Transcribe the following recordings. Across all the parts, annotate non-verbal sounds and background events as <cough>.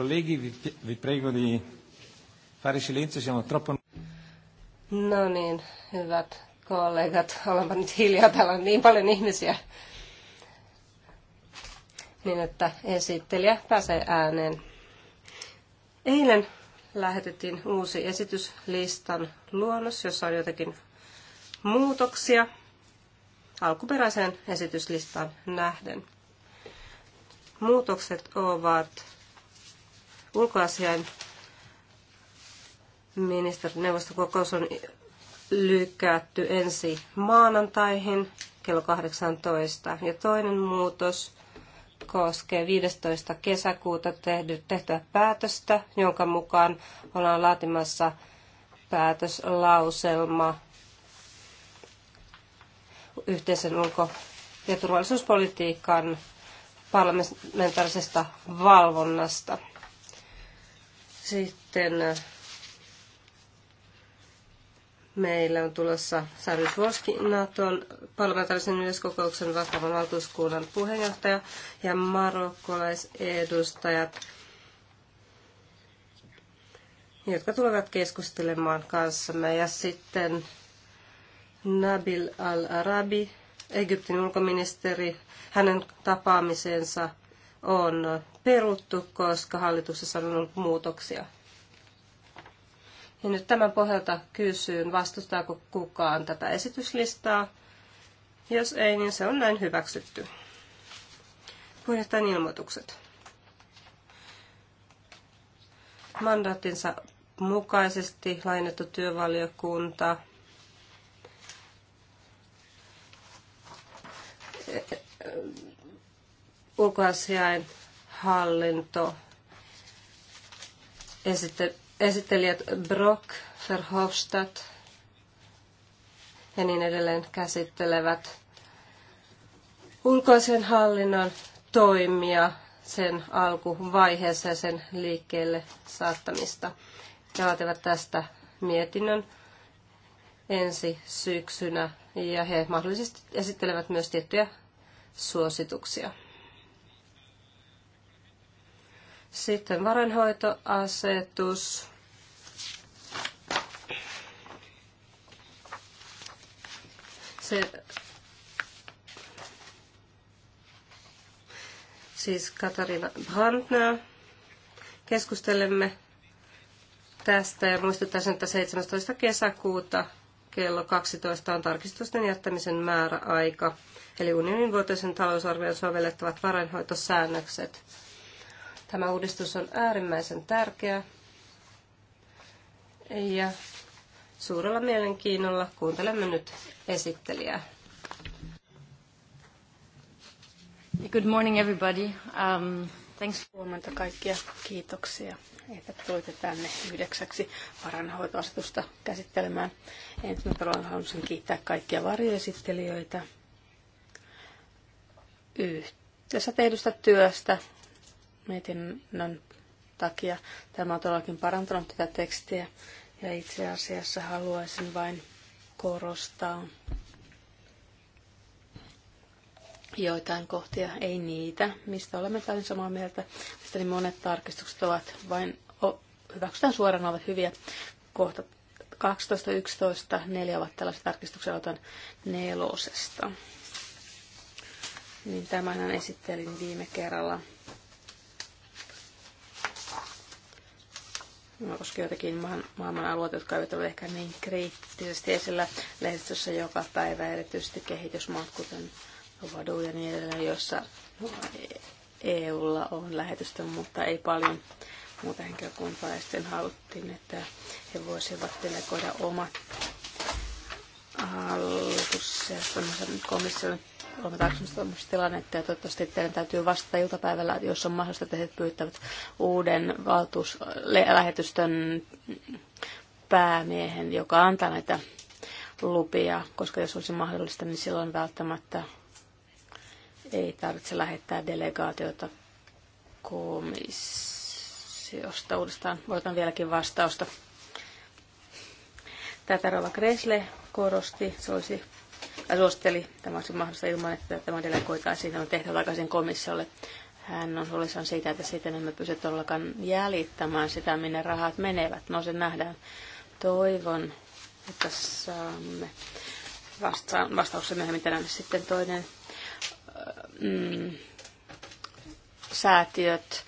Colleghi, vi, vi prego di fare silenzio, siamo troppo... No niin, hyvät kollegat, olemme nyt hiljaa, täällä on niin paljon ihmisiä. Niin, että esittelijä pääsee ääneen. Eilen lähetettiin uusi esityslistan luonnos, jossa on jotakin muutoksia alkuperäiseen esityslistaan nähden. Muutokset ovat Ulkoasiain ministerineuvostokokous on lykätty ensi maanantaihin kello 18. Ja toinen muutos koskee 15. kesäkuuta tehtyä päätöstä, jonka mukaan ollaan laatimassa päätöslauselma yhteisen ulko- ja turvallisuuspolitiikan parlamentaarisesta valvonnasta. Sitten äh, meillä on tulossa Sari Voski, Naton parlamentaarisen yleiskokouksen vastaavan valtuuskunnan puheenjohtaja ja marokkolaisedustajat, jotka tulevat keskustelemaan kanssamme. Ja sitten Nabil al-Arabi, Egyptin ulkoministeri, hänen tapaamisensa – on peruttu, koska hallituksessa on ollut muutoksia. Ja nyt tämän pohjalta kysyyn, vastustaako kukaan tätä esityslistaa. Jos ei, niin se on näin hyväksytty. Puheenjohtajan ilmoitukset. Mandaattinsa mukaisesti lainattu työvaliokunta ulkoasiain hallinto esittelijät Brock, Verhofstadt ja niin edelleen käsittelevät ulkoisen hallinnon toimia sen alkuvaiheessa ja sen liikkeelle saattamista. Ja vaativat tästä mietinnön ensi syksynä ja he mahdollisesti esittelevät myös tiettyjä suosituksia. Sitten varainhoitoasetus. Se siis Katarina Brandner. Keskustelemme tästä ja muistuttaisin, että 17. kesäkuuta kello 12 on tarkistusten jättämisen määräaika, eli unionin vuotuisen talousarvion sovellettavat varainhoitosäännökset. Tämä uudistus on äärimmäisen tärkeä ja suurella mielenkiinnolla kuuntelemme nyt esittelijää. Good morning everybody. Um, thanks. Huomenta kaikkia. Kiitoksia, että tulitte tänne yhdeksäksi varanhoitoasetusta käsittelemään. Ensin haluaisin kiittää kaikkia varjoesittelijöitä yhdessä tehdystä työstä mietinnön takia. Tämä on todellakin parantanut tätä tekstiä ja itse asiassa haluaisin vain korostaa joitain kohtia, ei niitä, mistä olemme täysin samaa mieltä. Mistä niin monet tarkistukset ovat vain, hyväksytään suoraan, ovat hyviä. Kohta 12, 11, 4 ovat tällaiset tarkistukset, otan nelosesta. Niin tämän esittelin viime kerralla Koska koskevat jotakin maailman alueita, jotka eivät ole ehkä niin kriittisesti esillä lehdistössä joka päivä, erityisesti kehitysmaat, kuten Vadu ja niin edelleen, joissa EUlla on lähetystä, mutta ei paljon muuta henkilökuntaa. Ja sitten haluttiin, että he voisivat delegoida omat hallitus ja komission olemme tarkastamassa tilannetta ja toivottavasti teidän täytyy vastata iltapäivällä, jos on mahdollista, että he pyytävät uuden valtuuslähetystön päämiehen, joka antaa näitä lupia, koska jos olisi mahdollista, niin silloin välttämättä ei tarvitse lähettää delegaatiota komissiosta uudestaan. Voitan vieläkin vastausta. Tätä Rova Kresle korosti, se olisi tai suositteli, tämä olisi mahdollista ilman, että tämä delegoitaisiin on tehtävä takaisin komissiolle. Hän on huolissaan siitä, että sitten emme pysy todellakaan jäljittämään sitä, minne rahat menevät. No se nähdään. Toivon, että saamme vasta- vastauksen myöhemmin tänään sitten toinen mm, säätiöt.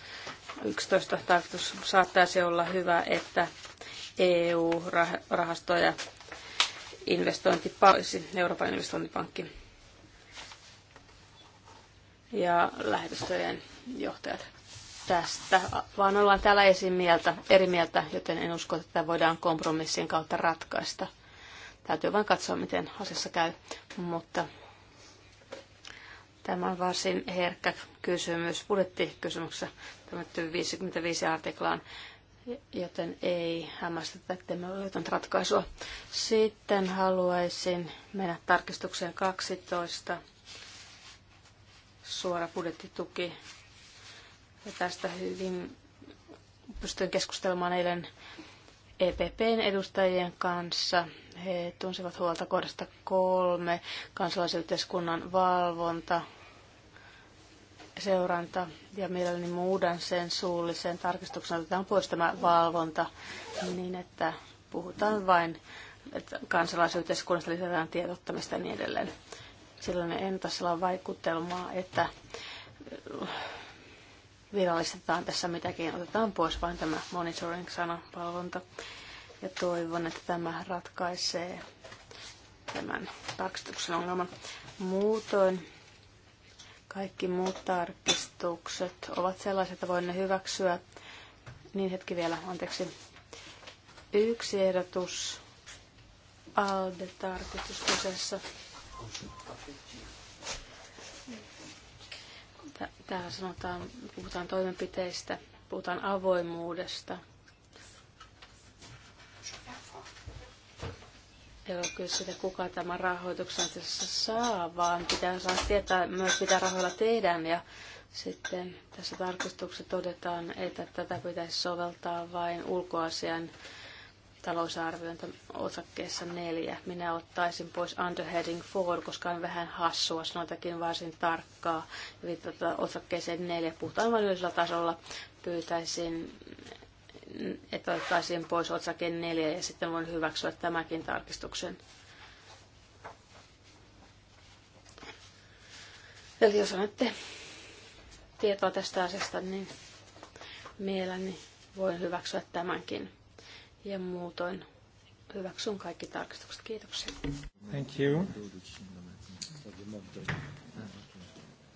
11 tarkoitus saattaisi olla hyvä, että EU-rahastoja investointipankki, siis Euroopan investointipankki ja lähetystöjen johtajat tästä, vaan ollaan täällä mieltä, eri mieltä, joten en usko, että tämä voidaan kompromissien kautta ratkaista. Täytyy vain katsoa, miten asiassa käy, mutta tämä on varsin herkkä kysymys budjettikysymyksessä. Tämä 55 artiklaan joten ei hämmästytä, että me löytänyt ratkaisua. Sitten haluaisin mennä tarkistukseen 12. Suora budjettituki. Ja tästä hyvin pystyn keskustelemaan eilen EPPn edustajien kanssa. He tunsivat huolta kohdasta kolme, kansalaisyhteiskunnan valvonta, seuranta ja mielelläni muudan sen suullisen tarkistuksen. Otetaan pois tämä valvonta niin, että puhutaan vain että kansalaisyhteiskunnasta lisätään tiedottamista ja niin edelleen. Silloin en tässä vaikutelmaa, että äh, virallistetaan tässä mitäkin, otetaan pois vain tämä monitoring-sana, valvonta. Ja toivon, että tämä ratkaisee tämän tarkistuksen ongelman. Muutoin kaikki muut tarkistukset ovat sellaiset, että voin ne hyväksyä. Niin hetki vielä, anteeksi. Yksi ehdotus ALDE-tarkistus kyseessä. Täällä sanotaan, puhutaan toimenpiteistä, puhutaan avoimuudesta – Joo, kyllä sitä, kuka tämä rahoituksen tässä saa, vaan pitää saada tietää myös, mitä rahoilla tehdään. Ja sitten tässä tarkistuksessa todetaan, että tätä pitäisi soveltaa vain ulkoasian talousarvion osakkeessa neljä. Minä ottaisin pois underheading four, koska on vähän hassua, sanotakin varsin tarkkaa. Viitata osakkeeseen neljä puhutaan vain yleisellä tasolla. Pyytäisin, että otettaisiin pois otsake 4 ja sitten voin hyväksyä tämäkin tarkistuksen. Eli jos annatte tietoa tästä asiasta, niin mielelläni voin hyväksyä tämänkin. Ja muutoin hyväksyn kaikki tarkistukset. Kiitoksia. Thank you.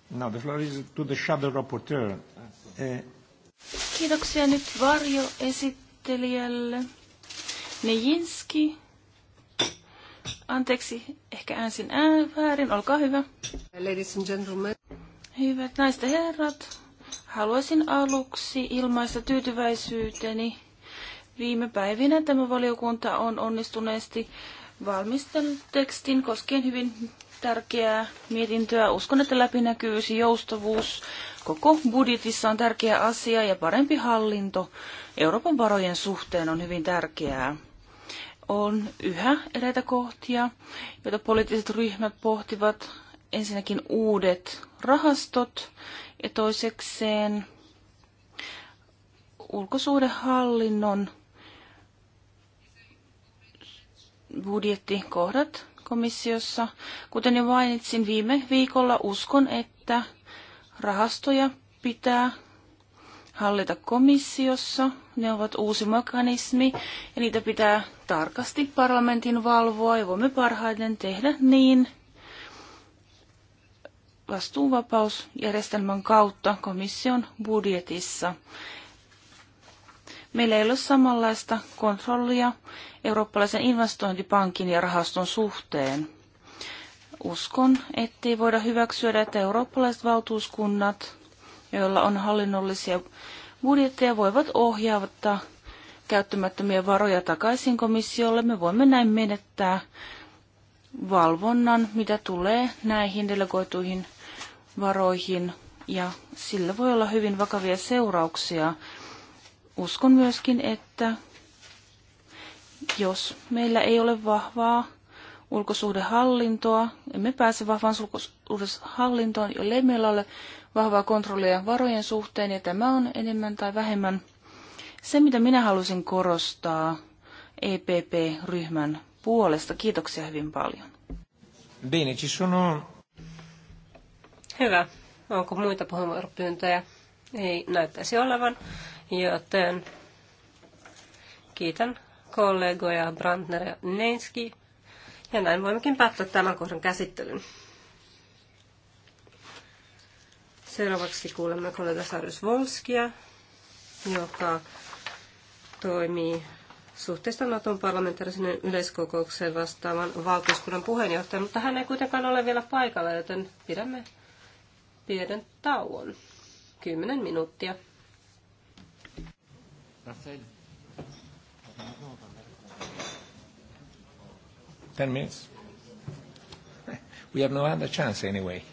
Now the floor is to the shadow rapporteur. Uh, Kiitoksia nyt varjoesittelijälle. Nejinski. Anteeksi, ehkä äänsin ään väärin. Olkaa hyvä. Ladies and gentlemen. Hyvät naiset ja herrat, haluaisin aluksi ilmaista tyytyväisyyteni. Viime päivinä tämä valiokunta on onnistuneesti valmistellut tekstin koskien hyvin tärkeää mietintöä. Uskon, että läpinäkyvyys ja joustavuus koko budjetissa on tärkeä asia ja parempi hallinto Euroopan varojen suhteen on hyvin tärkeää. On yhä eräitä kohtia, joita poliittiset ryhmät pohtivat. Ensinnäkin uudet rahastot ja toisekseen ulkosuhdehallinnon budjettikohdat komissiossa. Kuten jo mainitsin viime viikolla, uskon, että rahastoja pitää hallita komissiossa. Ne ovat uusi mekanismi ja niitä pitää tarkasti parlamentin valvoa ja voimme parhaiten tehdä niin vastuunvapausjärjestelmän kautta komission budjetissa. Meillä ei ole samanlaista kontrollia eurooppalaisen investointipankin ja rahaston suhteen. Uskon, ettei voida hyväksyä, että eurooppalaiset valtuuskunnat, joilla on hallinnollisia budjetteja, voivat ohjata käyttämättömiä varoja takaisin komissiolle. Me voimme näin menettää valvonnan, mitä tulee näihin delegoituihin varoihin, ja sillä voi olla hyvin vakavia seurauksia uskon myöskin, että jos meillä ei ole vahvaa ulkosuhdehallintoa, emme pääse vahvaan ulkosuhdehallintoon, jollei meillä ole vahvaa kontrollia varojen suhteen, ja tämä on enemmän tai vähemmän se, mitä minä halusin korostaa EPP-ryhmän puolesta. Kiitoksia hyvin paljon. Bene, ci sono... Hyvä. Onko muita puheenvuoropyyntöjä? Ei näyttäisi olevan joten kiitän kollegoja Brandner ja Neinski, Ja näin voimmekin päättää tämän kohdan käsittelyn. Seuraavaksi kuulemme kollega Sarjus Volskia, joka toimii suhteesta Naton parlamentaarisen yleiskokoukseen vastaavan valtuuskunnan puheenjohtajan, mutta hän ei kuitenkaan ole vielä paikalla, joten pidämme pienen tauon. Kymmenen minuuttia. Ten minutes. <laughs> We have no other chance anyway.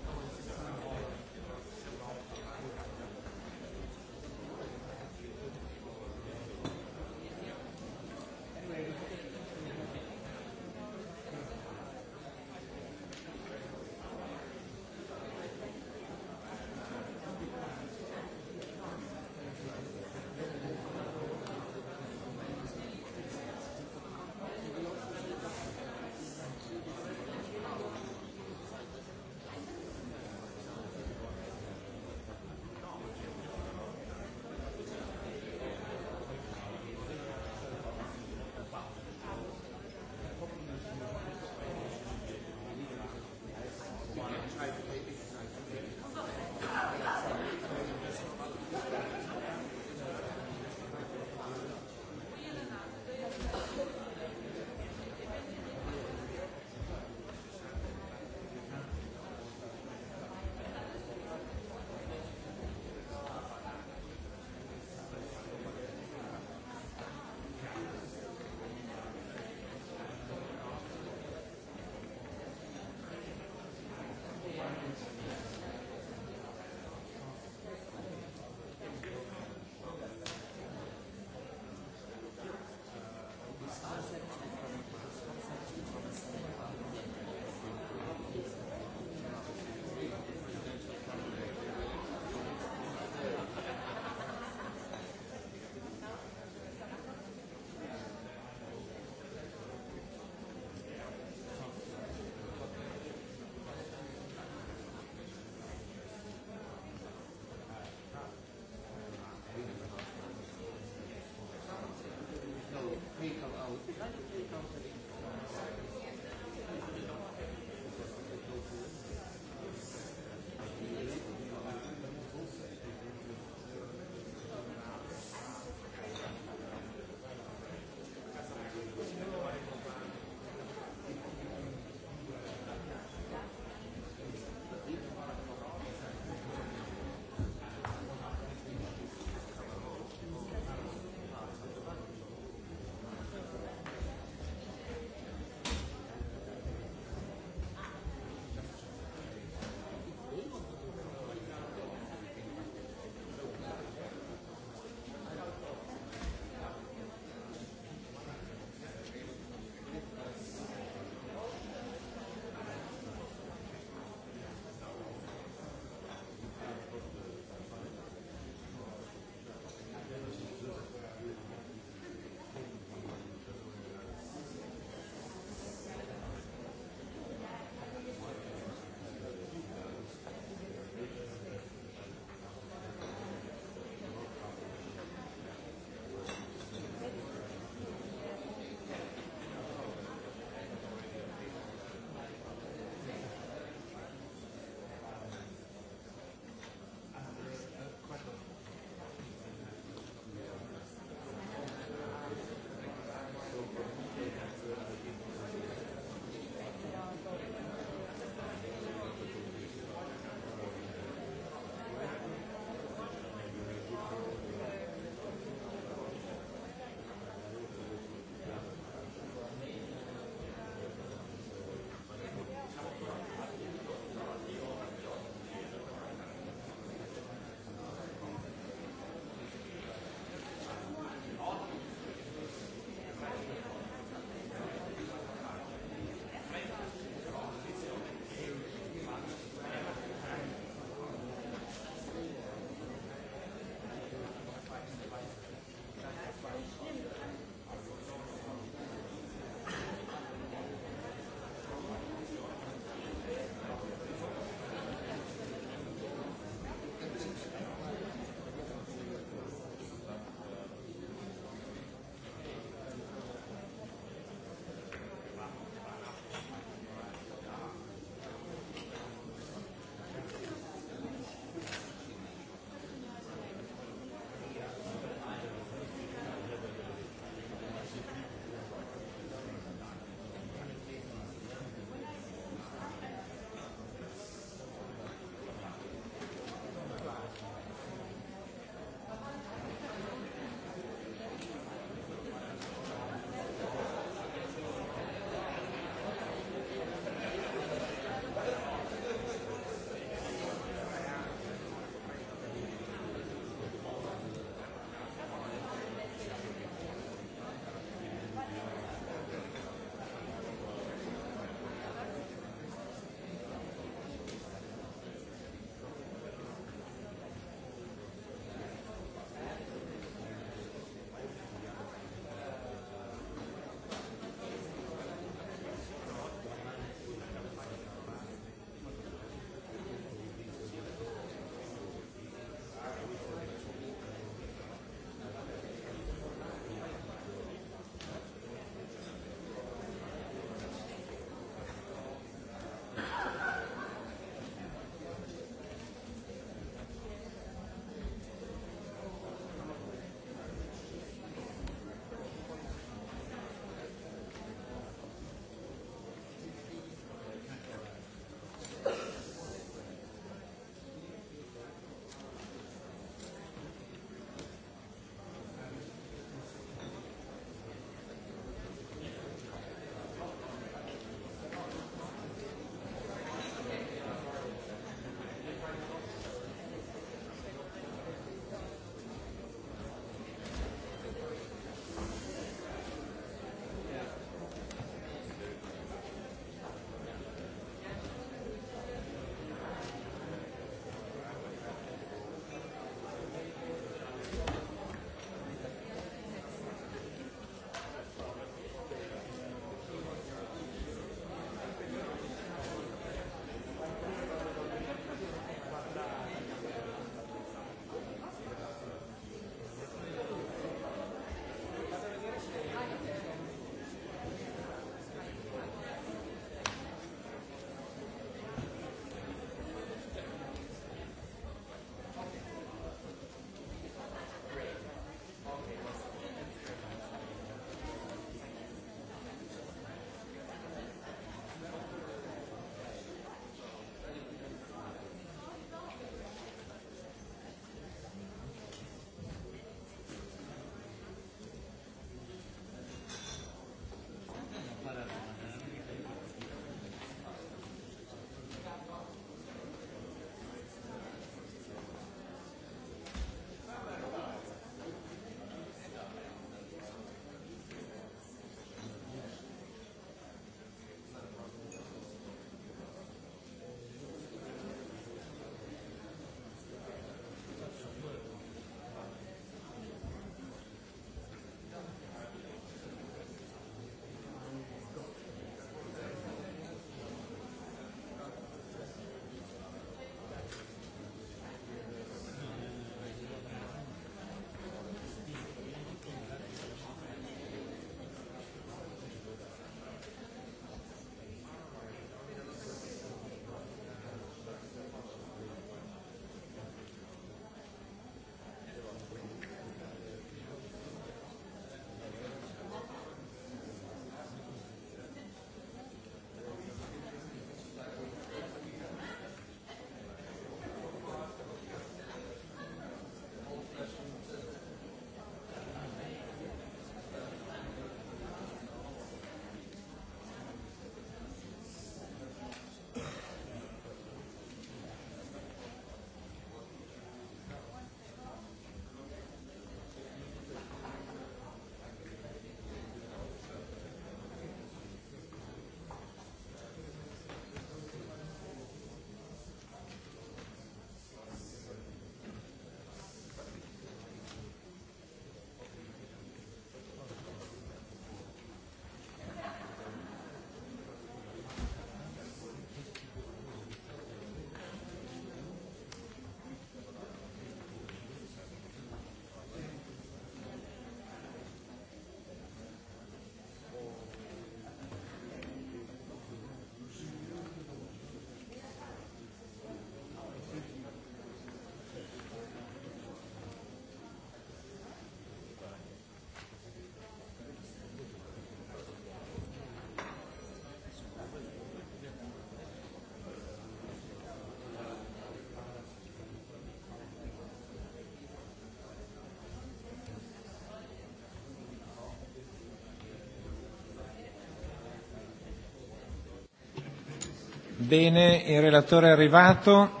Bene, il relatore è arrivato.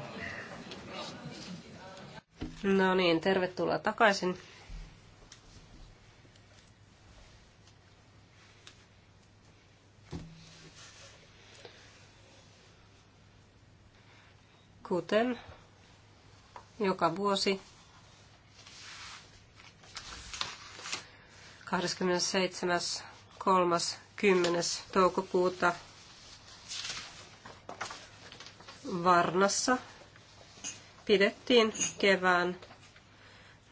No niin, tervetuloa takaisin. Kuten joka vuosi 27.3.10. toukokuuta Varnassa pidettiin kevään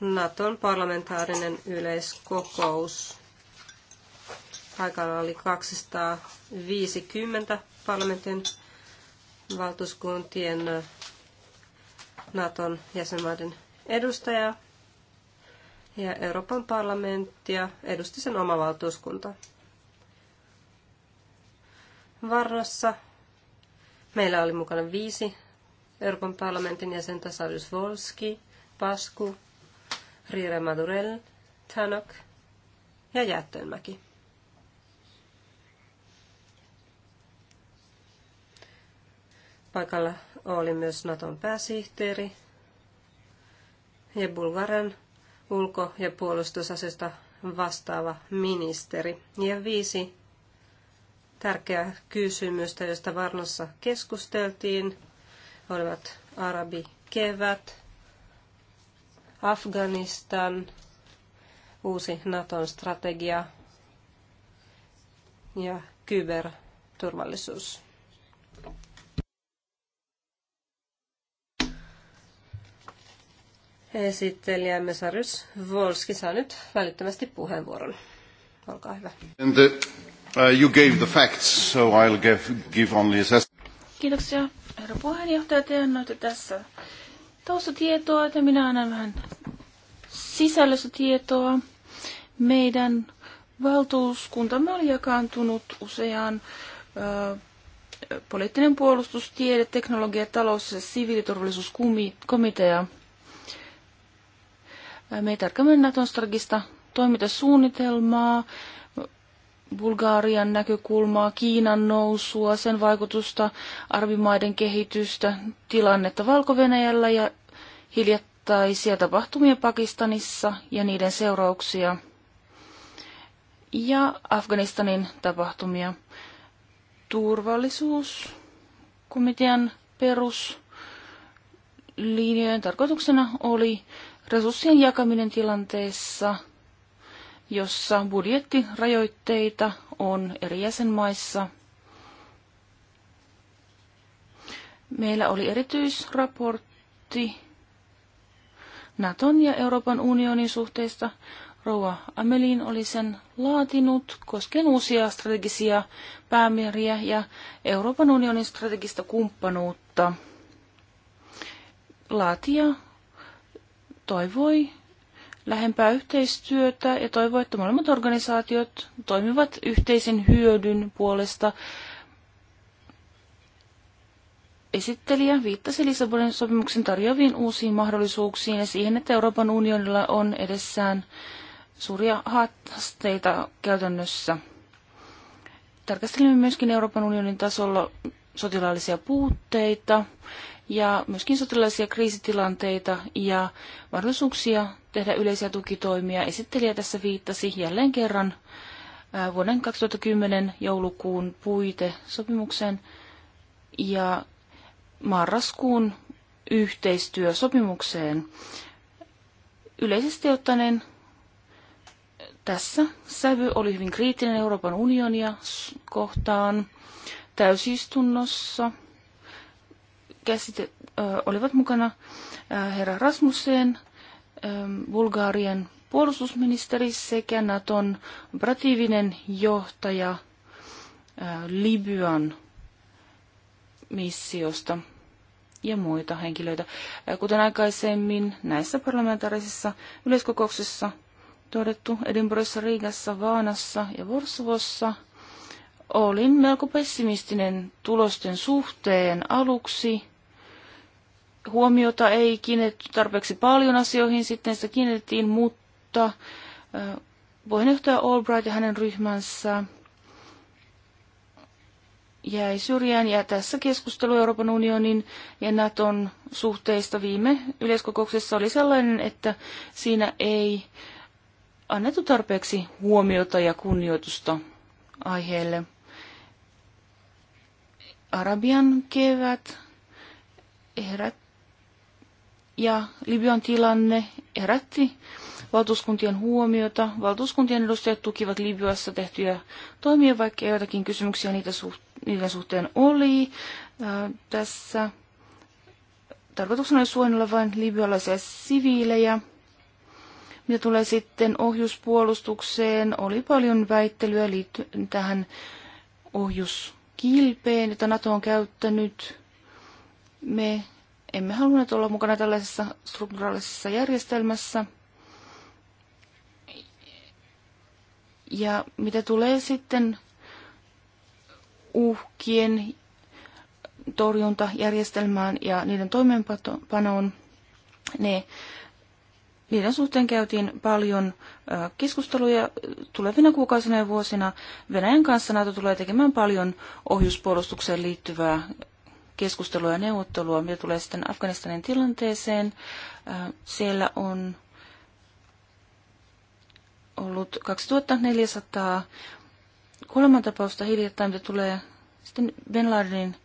Naton parlamentaarinen yleiskokous. Paikalla oli 250 parlamentin valtuuskuntien Naton jäsenmaiden edustajaa ja Euroopan parlamenttia edusti sen oma valtuuskunta. Varnassa Meillä oli mukana viisi Euroopan parlamentin jäsentä, Sarjus Volski, Pasku, Riire Madurell, Tanok ja Jättönmäki. Paikalla oli myös Naton pääsihteeri ja Bulgarian ulko- ja puolustusasesta vastaava ministeri ja viisi Tärkeä kysymys josta Varnossa keskusteltiin, olivat arabi kevät, Afganistan, uusi Naton strategia ja kyberturvallisuus. Esittelijä Mesarys Volski saa nyt välittömästi puheenvuoron. Olkaa hyvä. Uh, you gave the facts, so I'll give, give only assessment. Kiitoksia, herra puheenjohtaja. Te annoitte tässä taustatietoa, että minä annan vähän sisällössä tietoa. Meidän valtuuskuntamme oli jakaantunut useaan ö, uh, poliittinen puolustus, tiede, teknologia, talous ja siviiliturvallisuuskomitea. Uh, me tarkemmin Naton strategista toimintasuunnitelmaa, Bulgarian näkökulmaa, Kiinan nousua, sen vaikutusta, arvimaiden kehitystä, tilannetta valko ja hiljattaisia tapahtumia Pakistanissa ja niiden seurauksia ja Afganistanin tapahtumia. Turvallisuuskomitean peruslinjojen tarkoituksena oli resurssien jakaminen tilanteessa – jossa budjettirajoitteita on eri jäsenmaissa. Meillä oli erityisraportti Naton ja Euroopan unionin suhteista. Rouva Amelin oli sen laatinut koskien uusia strategisia päämääriä ja Euroopan unionin strategista kumppanuutta. Laatija toivoi lähempää yhteistyötä ja toivoo, että molemmat organisaatiot toimivat yhteisen hyödyn puolesta. Esittelijä viittasi Lissabonin sopimuksen tarjoaviin uusiin mahdollisuuksiin ja siihen, että Euroopan unionilla on edessään suuria haasteita käytännössä. Tarkastelimme myöskin Euroopan unionin tasolla sotilaallisia puutteita, ja myöskin sotilaisia kriisitilanteita ja mahdollisuuksia tehdä yleisiä tukitoimia. Esittelijä tässä viittasi jälleen kerran vuoden 2010 joulukuun puitesopimuksen ja marraskuun yhteistyösopimukseen. Yleisesti ottaen tässä sävy oli hyvin kriittinen Euroopan unionia kohtaan täysistunnossa – käsite, olivat mukana herra Rasmussen, Bulgarian puolustusministeri sekä Naton operatiivinen johtaja Libyan missiosta ja muita henkilöitä. Kuten aikaisemmin näissä parlamentaarisissa yleiskokouksissa todettu Edinburghissa, Riigassa, Vaanassa ja Vorsovossa, olin melko pessimistinen tulosten suhteen aluksi – huomiota ei kiinnitetty tarpeeksi paljon asioihin, sitten sitä kiinnitettiin, mutta puheenjohtaja Albright ja hänen ryhmänsä jäi syrjään ja tässä keskustelu Euroopan unionin ja Naton suhteista viime yleiskokouksessa oli sellainen, että siinä ei annettu tarpeeksi huomiota ja kunnioitusta aiheelle. Arabian kevät herätti ja Libyan tilanne herätti valtuuskuntien huomiota. Valtuuskuntien edustajat tukivat Libyassa tehtyjä toimia, vaikka joitakin kysymyksiä niitä suht, niiden suhteen oli. Ää, tässä tarkoituksena oli suojella vain libyalaisia siviilejä. Mitä tulee sitten ohjuspuolustukseen, oli paljon väittelyä liittyen tähän ohjuskilpeen, jota NATO on käyttänyt. Me emme halunneet olla mukana tällaisessa strukturaalisessa järjestelmässä. Ja mitä tulee sitten uhkien torjuntajärjestelmään ja niiden toimeenpanoon, ne, niiden suhteen käytiin paljon keskusteluja tulevina kuukausina ja vuosina. Venäjän kanssa NATO tulee tekemään paljon ohjuspuolustukseen liittyvää keskustelua ja neuvottelua, mitä tulee sitten Afganistanin tilanteeseen. Siellä on ollut 2400 kuolemantapausta hiljattain, mitä tulee sitten Ben Ladenin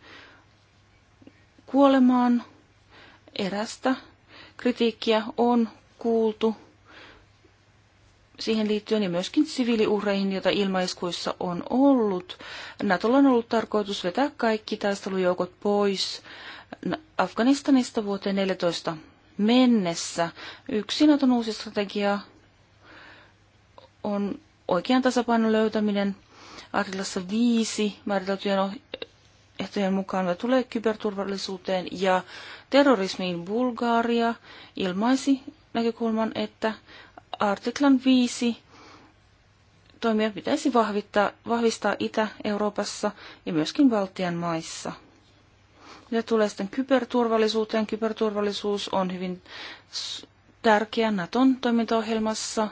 kuolemaan. Erästä kritiikkiä on kuultu siihen liittyen ja myöskin siviiliuhreihin, joita ilmaiskuissa on ollut. Natolla on ollut tarkoitus vetää kaikki taistelujoukot pois Afganistanista vuoteen 14 mennessä. Yksi Naton uusi strategia on oikean tasapainon löytäminen Artilassa viisi määriteltyjen oh- ehtojen mukaan ne tulee kyberturvallisuuteen ja terrorismiin Bulgaria ilmaisi näkökulman, että artiklan 5 toimia pitäisi vahvittaa, vahvistaa Itä-Euroopassa ja myöskin Baltian maissa. Mitä tulee sitten kyberturvallisuuteen, kyberturvallisuus on hyvin tärkeä Naton toimintaohjelmassa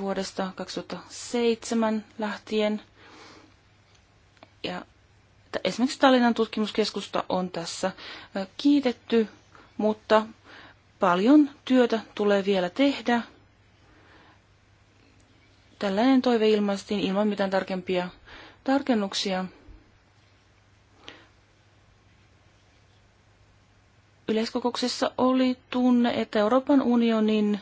vuodesta 2007 lähtien. Ja esimerkiksi Tallinnan tutkimuskeskusta on tässä kiitetty, mutta paljon työtä tulee vielä tehdä Tällainen toive ilmaistiin ilman mitään tarkempia tarkennuksia. Yleiskokouksessa oli tunne, että Euroopan unionin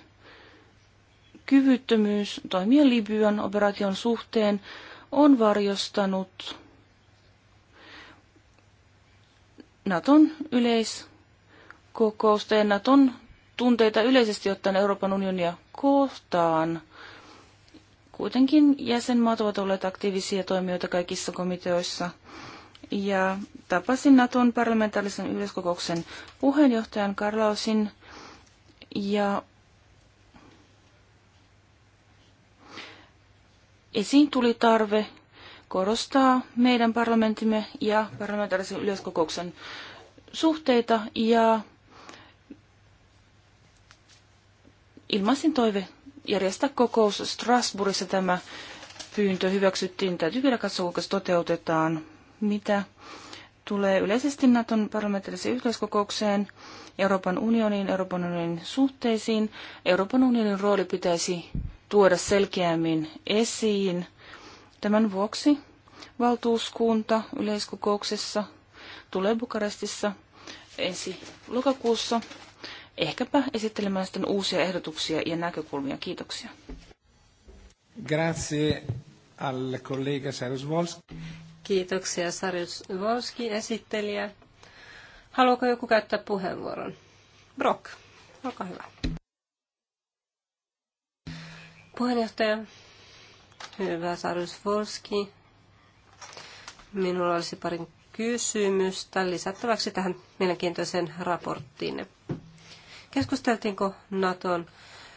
kyvyttömyys toimia Libyan operaation suhteen on varjostanut Naton yleiskokousta ja Naton tunteita yleisesti ottaen Euroopan unionia kohtaan – Kuitenkin jäsenmaat ovat olleet aktiivisia toimijoita kaikissa komiteoissa. Ja tapasin Naton parlamentaarisen yleiskokouksen puheenjohtajan Karlausin ja esiin tuli tarve korostaa meidän parlamenttimme ja parlamentaarisen yleiskokouksen suhteita ja ilmaisin toive järjestää kokous Strasbourgissa. Tämä pyyntö hyväksyttiin. Täytyy vielä katsoa, kuinka se toteutetaan. Mitä tulee yleisesti Naton parlamentaariseen yhteiskokoukseen, Euroopan unionin, Euroopan unionin suhteisiin. Euroopan unionin rooli pitäisi tuoda selkeämmin esiin. Tämän vuoksi valtuuskunta yleiskokouksessa tulee Bukarestissa ensi lokakuussa ehkäpä esittelemään sitten uusia ehdotuksia ja näkökulmia. Kiitoksia. Grazie al collega Sarus Volski. Kiitoksia Sarus Volski, esittelijä. Haluaako joku käyttää puheenvuoron? Brock, olkaa hyvä. Puheenjohtaja, hyvä Sarus Volski. Minulla olisi pari kysymystä lisättäväksi tähän mielenkiintoiseen raporttiin. Keskusteltiinko Naton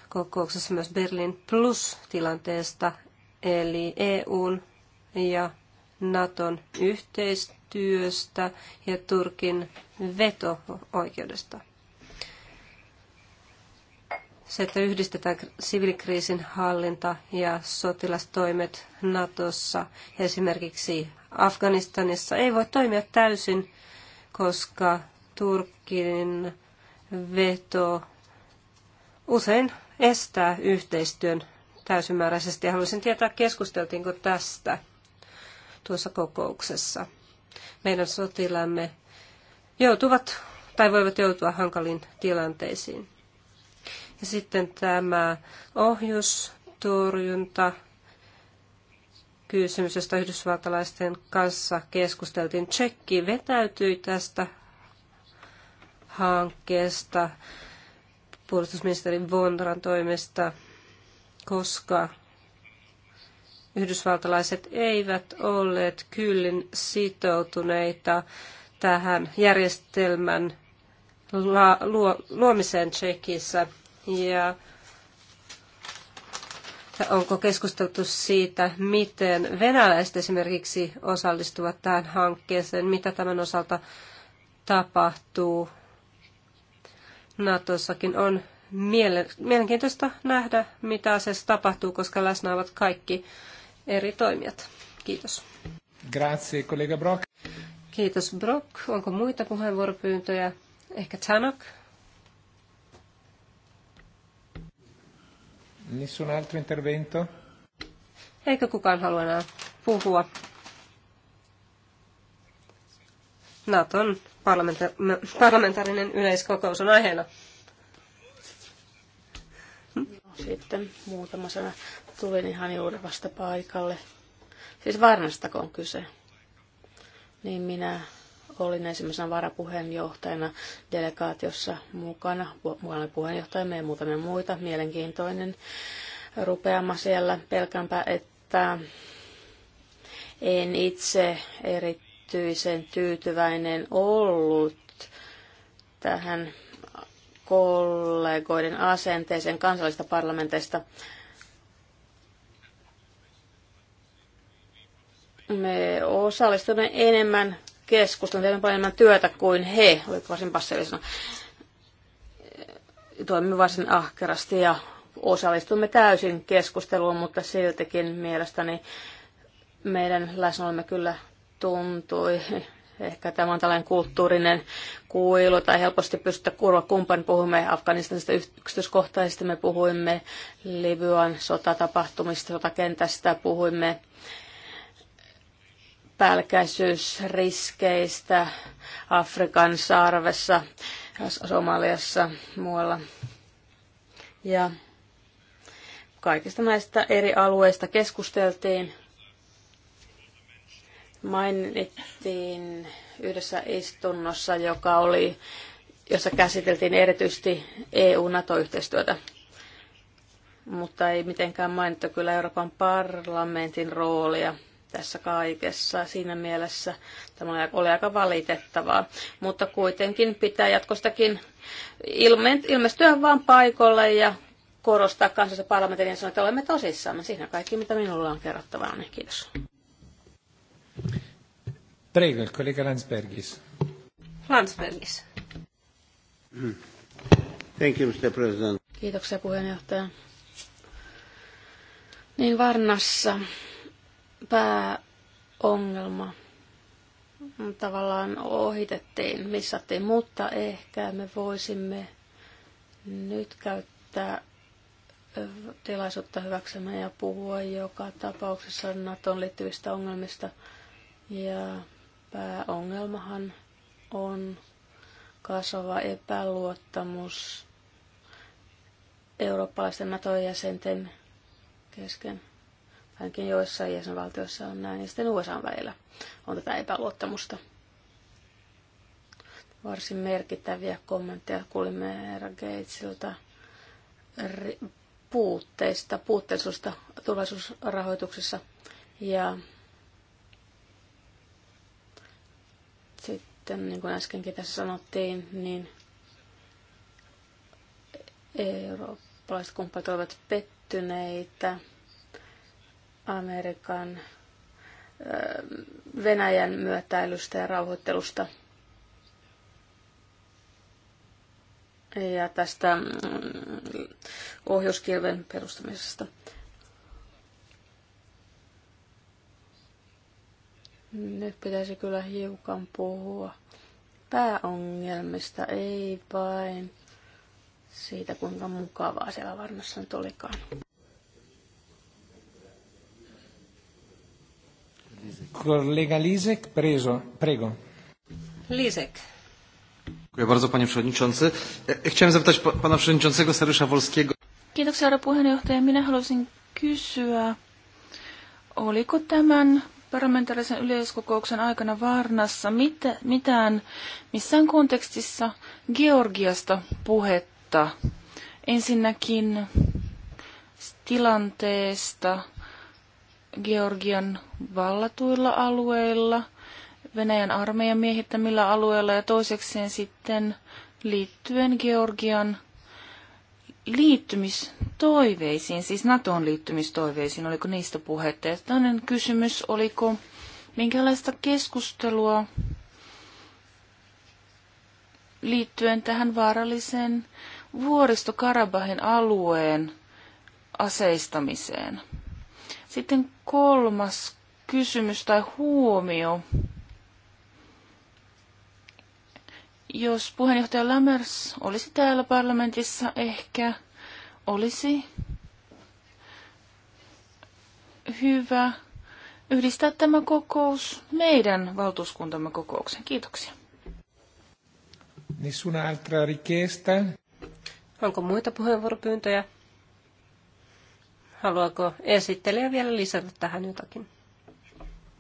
kokouksessa myös Berlin Plus-tilanteesta, eli EUn ja Naton yhteistyöstä ja Turkin veto-oikeudesta? Se, että yhdistetään siviilikriisin hallinta ja sotilastoimet Natossa, esimerkiksi Afganistanissa, ei voi toimia täysin, koska Turkin veto usein estää yhteistyön täysimääräisesti. haluaisin tietää, keskusteltiinko tästä tuossa kokouksessa. Meidän sotilamme joutuvat tai voivat joutua hankaliin tilanteisiin. Ja sitten tämä ohjustorjunta kysymys, josta yhdysvaltalaisten kanssa keskusteltiin. Tsekki vetäytyi tästä hankkeesta puolustusministeri Vondran toimesta, koska yhdysvaltalaiset eivät olleet kyllin sitoutuneita tähän järjestelmän luomiseen Tsekissä. Ja onko keskusteltu siitä, miten venäläiset esimerkiksi osallistuvat tähän hankkeeseen, mitä tämän osalta tapahtuu Natossakin on mielenkiintoista nähdä, mitä asiassa tapahtuu, koska läsnä ovat kaikki eri toimijat. Kiitos. Grazie, kollega Brock. Kiitos, Brock. Onko muita puheenvuoropyyntöjä? Ehkä Tanok? Nessun altro intervento? Eikö kukaan halua enää puhua? Naton parlamenta- parlamentaarinen yleiskokous on aiheena. Sitten muutama sana. Tulin ihan juuri vasta paikalle. Siis Varnastako on kyse. Niin minä olin ensimmäisenä varapuheenjohtajana delegaatiossa mukana. Mukana puheenjohtajamme ja muutamia muita. Mielenkiintoinen rupeama siellä. Pelkäänpä, että en itse erittäin erityisen tyytyväinen ollut tähän kollegoiden asenteeseen kansallista parlamenteista. Me osallistumme enemmän keskustelun, teemme paljon enemmän työtä kuin he, oli varsin passiivisena. Toimimme varsin ahkerasti ja osallistumme täysin keskusteluun, mutta siltikin mielestäni meidän olemme kyllä tuntui. Ehkä tämä on tällainen kulttuurinen kuilu tai helposti pystytä kurva kumpan. Puhumme Afganistanista yksityiskohtaisesti, me puhuimme Libyan sotatapahtumista, sotakentästä, puhuimme pälkäisyysriskeistä Afrikan saarvessa, Somaliassa, muualla. Ja kaikista näistä eri alueista keskusteltiin mainittiin yhdessä istunnossa, joka oli, jossa käsiteltiin erityisesti EU-NATO-yhteistyötä, mutta ei mitenkään mainittu kyllä Euroopan parlamentin roolia tässä kaikessa. Siinä mielessä tämä oli aika valitettavaa. Mutta kuitenkin pitää jatkostakin ilme- ilmestyä vain paikalle ja korostaa kansallisen parlamentin ja niin, sanoa, että olemme tosissaan. Siinä kaikki, mitä minulla on kerrottavaa. Niin kiitos. Prego, il collega Landsbergis. Landsbergis. Thank you, Mr. President. Kiitoksia puheenjohtaja. Niin Varnassa pääongelma tavallaan ohitettiin, missattiin, mutta ehkä me voisimme nyt käyttää tilaisuutta hyväksemme ja puhua joka tapauksessa NATOon liittyvistä ongelmista. Ja Pääongelmahan on kasvava epäluottamus eurooppalaisten NATO-jäsenten kesken. Ainakin joissain jäsenvaltioissa on näin, ja sitten USA välillä on tätä epäluottamusta. Varsin merkittäviä kommentteja kuulimme herra Gatesilta puutteista, puutteellisuudesta turvallisuusrahoituksessa ja sitten, niin kuin äskenkin tässä sanottiin, niin eurooppalaiset kumppanit olivat pettyneitä Amerikan Venäjän myötäilystä ja rauhoittelusta. Ja tästä mm, ohjuskilven perustamisesta. Nyt pitäisi kyllä hiukan puhua pääongelmista, ei vain siitä, kuinka mukavaa siellä varmasti nyt olikaan. Kollega Lisek, preso, prego. Lisek. Dziękuję bardzo panie przewodniczący. Chciałem zapytać pana przewodniczącego Sarysza Wolskiego. Kiitoksia herra puheenjohtaja. Minä haluaisin kysyä, oliko tämän parlamentaarisen yleiskokouksen aikana Varnassa mitään missään kontekstissa Georgiasta puhetta. Ensinnäkin tilanteesta Georgian vallatuilla alueilla, Venäjän armeijan miehittämillä alueilla ja toisekseen sitten liittyen Georgian liittymistoiveisiin, siis NATOon liittymistoiveisiin, oliko niistä puhetta? Ja toinen kysymys, oliko minkälaista keskustelua liittyen tähän vaaralliseen vuoristokarabahin alueen aseistamiseen? Sitten kolmas kysymys tai huomio Jos puheenjohtaja Lammers olisi täällä parlamentissa, ehkä olisi hyvä yhdistää tämä kokous meidän valtuuskuntamme kokoukseen. Kiitoksia. Nessuna altra richiesta? Onko muita puheenvuoropyyntöjä? Haluaako esittelijä vielä lisätä tähän jotakin?